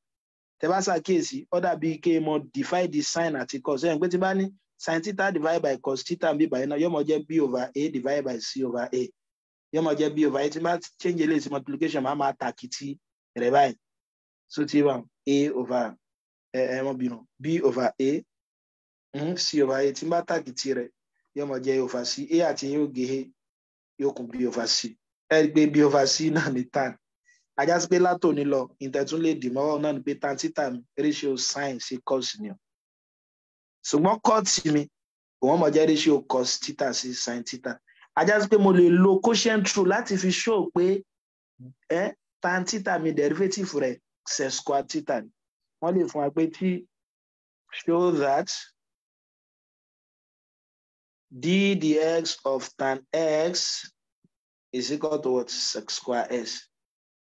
Speaker 1: tẹ bá ṣàkíyèsí ó dàbí kí n mọ divide the sign àti cos ẹ̀ ń pé tí bá ní sin theta divided by cos theta ń bí báyìí náà yóò mọ jẹ́ b over a divided by c over a yóò mọ jẹ́ b over a tí bá change eléyìí sí multiplication máa máa tàkìtì rẹ̀ báyìí so ti wà a over ẹ ẹ wọn bínú b over a mm, c over a tí bá tàkìtì rẹ̀ yóò mọ jẹ́ a over c a àti yóò gé e yóò kún b over c ẹ gbé b over c náà ní tan ajá sí pé látòní lọ ìtẹ̀tún lè dì mọ́wọ́ náà ní pé tan theta ratio sin sí cos ni o ṣùgbọ́n cot mi òun mọ̀ jẹ́ ratio cos theta sí sin theta ajá sí pé mo lè lo quotient rule láti fi show pé eh, tan theta mi derivative rẹ̀ sec square theta ni wọ́n lè fún wa pé tí show that d dx of tan x is equal to what sec square s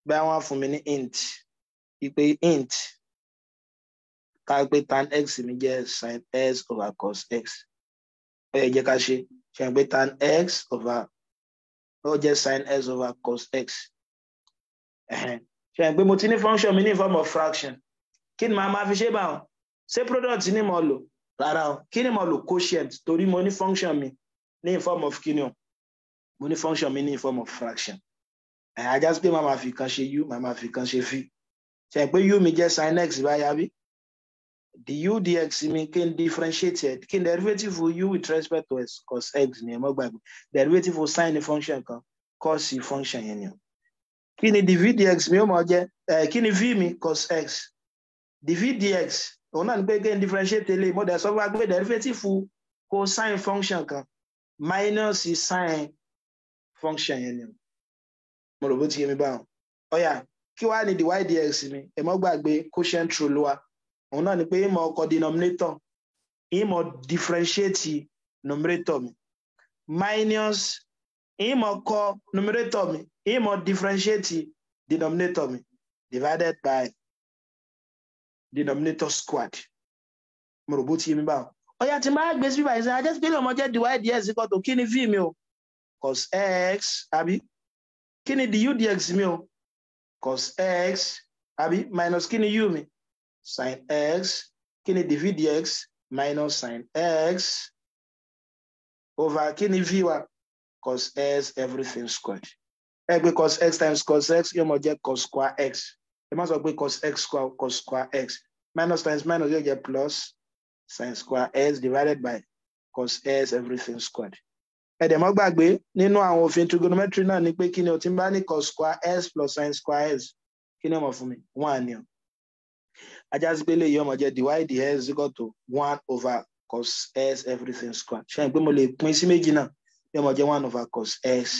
Speaker 1: bí àwọn fún mi ní int ipe int ká pé tan x mi jẹ́ sin s over cos x ó yẹ jẹ́ ká ṣe ṣe pé tan x over ó jẹ́ sin s over cos x ṣe pé mo ti ní function mi ní form of fraction kí ni màá máa fi ṣe báwọn ṣé product ni mo lò rárá o kí ni mo lò quotient torí mo ní function mi ní form of kí ni o mo ní function mi ní form of fraction ajá sí pé màá máa fi kan ṣe u màá máa fi kan ṣe v ṣe pé u mi jẹ́ sin x báyà bí the u dx mi kí differentiate it. Can derivative for u with respect to x cos x near ẹ mọ gbàgbé derivative sin function kan cos function yẹn ni o kí ni dv dx mi ó mọ jẹ ẹ kí ni v mi cos x dv dx òun náà ni pé differentiate eléyìí mo dẹ̀ sọ fún wa pé cosine function kan minus sin function yẹn ni o mo rò bó ti yé mi báwọn ó yá kí wàá dx mi ẹ quotient rule wa òun náà ni pé ìmọ̀ ọkọ̀ denominator ìmọ̀ differentiate numerator mi minus ìmọ̀ ọkọ̀ numerator mi ìmọ̀ differentiate denominator mi divided by denominator squared mo rò bó ti yé mi báwọn ọyà tí máa gbé sí báyìí sẹ ajẹ́ sí pé lọ́mọ jẹ́ divide díẹ̀ sí kọ́tò kí ni v mi o cos x àbí kí ni du dx mi o cos x àbí minus kí ni u mi Sine x kí ni dv dx minus sine x over kí ni v wa cos s everything squared ẹ gbé cos x times cos x yóò mọ jẹ cos square x ẹ má sọ pé cos x square cos square x minus times minus yóò jẹ plus sin square s divided by cos s everything squared ẹ̀dẹ̀mọ́ gbàgbé nínú àwọn òfin trigonometry náà ni pé kí ni o ti ń bá ní cos square s plus sin square s kí ni ọmọ fún mi one ni o ajásí pé léyìí ọmọ jẹ divide s equal to one over cos s everything square ṣẹ́yìn pé mo lè pín sí méjì náà bí ọmọ jẹ one over cos s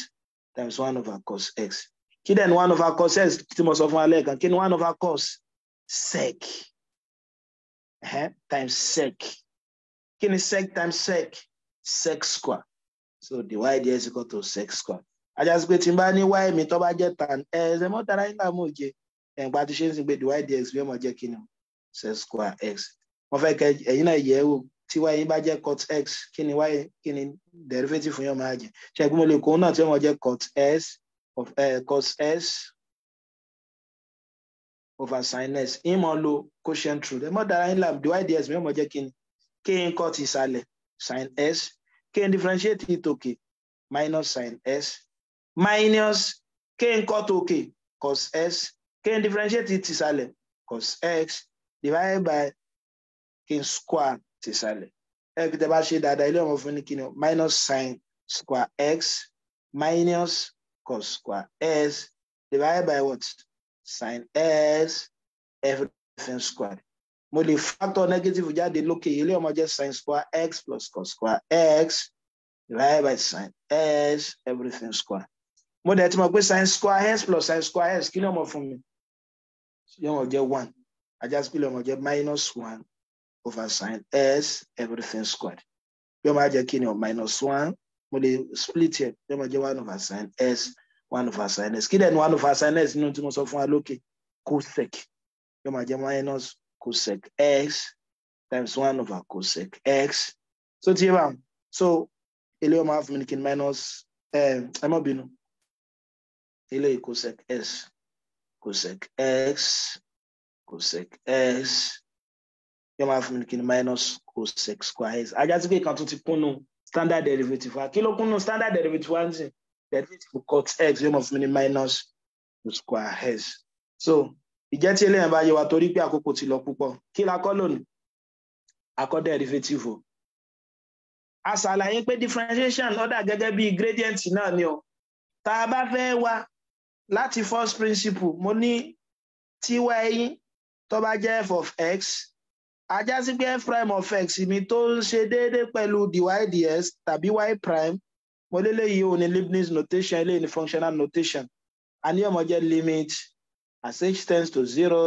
Speaker 1: times one over cos x kí dẹ̀ ni one over cos s tí mo sọ fún alẹ́ kan kí ni one over cos sec uh-huh, times sec kí ni sec times sec sec square so divide s equal to sec square ajásí pé tí n bá ní y mi tó bá jẹ tan ẹ ẹ mọ́tara yín kà mú òye ẹ̀ ń pa ti ṣe ń sìn pé divide x bí ọmọ jẹ kí ni o z square x wọ́n fẹ́ kẹ́ ẹ̀yin náà yẹ̀ wò tí y bá jẹ́ cot x kí ni y kí ni derivative fún yẹn máa jẹ ṣẹ́gun mo lè kó náà tí wọ́n jẹ́ cot s of uh, cos s over sin s ń mọ lo quotient rule ẹ mọ dára yín làm dy dx mi ò mọ kí ni kí n kọ́ ti sin s kí n differentiate it òkè minus sin s minus kí n kọ́ tòkè cos s kí n differentiate it ìsàlẹ̀ cos x divided by kí n square ti sàlẹ̀ ẹ kí tẹ bá ṣe dáadáa ilé ọmọ fún ní kí minus sin square x minus cos square s divided by what sin s everything square mo lè factor negative jáde lókè ilé ọmọ jẹ́ sin square x plus cos square x divided by sin s everything square mo dẹ̀ ti mọ̀ pé sin square s plus sin square s kí ni ọmọ fún mi yọmọ jẹ́ one ajásí pé lọ́mọ jẹ́ minus one over sign s everything squared yóò máa jẹ́ kí ni minus one mo lè split yẹ yóò máa jẹ́ one over sign s one over sign s kí dẹ̀ ni one over sign s nínú tí mo sọ fún wa lókè cosec yóò máa jẹ́ minus cosec x times one over cosec x so tí yẹ bá so ilé ọmọ half minute kin minus ẹ mọ bínú ilé cosec s cosec x cosec s yóò máa fún mi kí ni minus cosec square s ajá sí pé kan tún ti kúnnú standard derivative wa kí ló kúnnú standard derivative wa ń sìn derivative cot x yóò máa fún mi ní minus square s so ìjẹ́ tí eléyàn bá yẹ wa torí pé àkókò ti lọ púpọ̀ kí la kọ́ lónìí akọ́ derivative o a ṣàlàyé pé differentiation ọ̀dà gẹ́gẹ́ bí gradient náà ni o tá a bá fẹ́ wá láti first principle mo ní tiwa ẹyin tó bá jẹ́ f of x ajá sí pé f prime of x mi tó ń ṣe déédéé pẹ̀lú dy tàbí y prime mo léléyìí ò ní Leibniz notation eléyìí ní functional notation a ní ọmọ jẹ́ limit as h tends to zero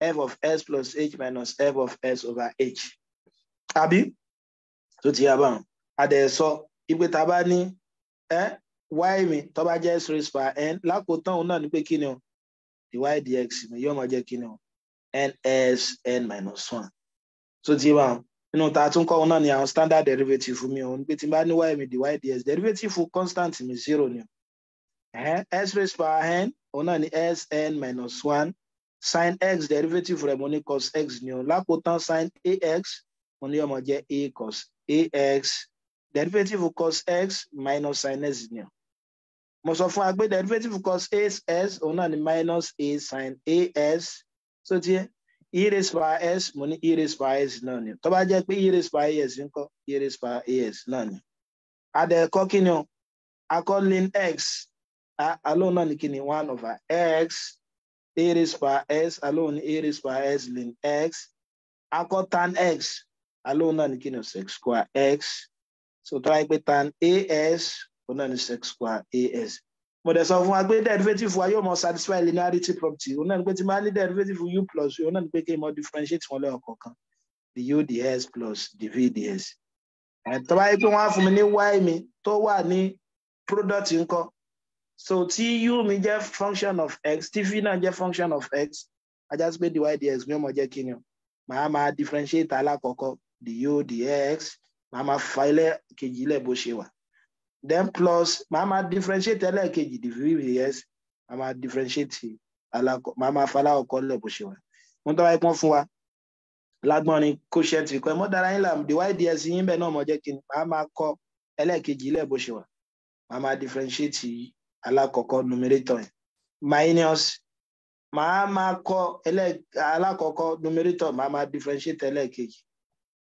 Speaker 1: f of s plus h minus f of s over h àbí tó ti yá báwọn adẹ̀sọ ipe tá a bá ní y mi tó bá jẹ́ x raised power n lákòótán òun náà ní pé kí ni o dy dx mi yóò máa jẹ́ kí ni o ns n minus one So ti wà nínú ta tún kọ́ náà ni àwọn standard derivative mi òun pé tí n bá ní y mi dy dx derivative constant mi zero ni o s raised power n òun náà ni s n minus one sin x derivative rẹ̀ mo ní cos x ni o lákòótán sin ax mo ní yóò máa jẹ́ a cos ax derivative cos x minus sin x ni o mo sọ fún wa pé derivative cos a s òun náà ni minus a sin a s so ti yẹ e raised by s mo ní e raised by s náà ni tó bá jẹ́ pé e raised by as ńkọ́ e raised by S náà ni adẹ̀kọ́ kí ni o akọ́ lin x alone náà ni kí ni one over x a raised by s alone a raised by s lin x akọ́ tan x alone náà ni kí ni o six square x so tó bá jẹ́ pé tan as òun náà ní sec square as mo dẹ̀ sọ fún wa pé derivative wa yóò mọ satisfy linearity property òun náà ní pé tí máa ní derivative u plus òun náà ní pé kí n differentiate wọn lẹ́yọ̀ kọ̀ọ̀kan the u ds plus the v ds tó bá yẹ pé wọ́n á fún mi ní y mi tó wà ní product ńkọ́ so tí u mi jẹ́ function of x tí v náà jẹ́ function of x ajá sí pé dy dx mi ò mọ̀ jẹ́ kí ni o màá differentiate alákọ̀ọ́kọ́ the u dx màá máa file kejile kejì ilẹ̀ bó then plus màá máa differentiate ẹlẹ́ẹ̀kejì dìfírí yes màá máa differentiate alákọ̀ màá máa fa alákọ̀ọ́kọ́ lẹ̀ bó ṣe wà mo tọ́ wáyé pọ́n fún wa lágbọ́n ni quotient kọ́ ẹ mọ́ dára yín làm divide ẹ̀ sí yín bẹ́ẹ̀ náà mọ̀ jẹ́ kí ni màá máa kọ́ ẹlẹ́ẹ̀kejì lẹ̀ bó ṣe wà màá máa differentiate alákọ̀ọ́kọ́ numerator yẹn minus màá máa kọ ẹlẹ́ alákọ̀ọ́kọ́ numerator màá máa differentiate ẹlẹ́ẹ̀kejì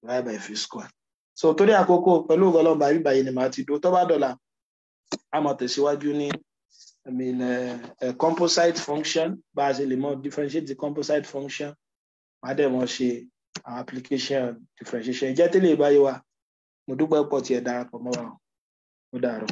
Speaker 1: divide by v square so torí àkókò pẹ̀lú ọgọlọmọ àbí báyìí ni màá ti do tó bá dọ̀la a máa tẹ̀síwájú ní eh, eh, composite function bá a ṣe lè mọ differentiate the composite function màá dẹ̀ mọ ṣe our application differentiation ìjẹ́ tẹ́lẹ̀ báyìí wa mo dúpẹ́ pọ̀ tí ẹ darapọ̀ mọ́ ó dàárọ̀.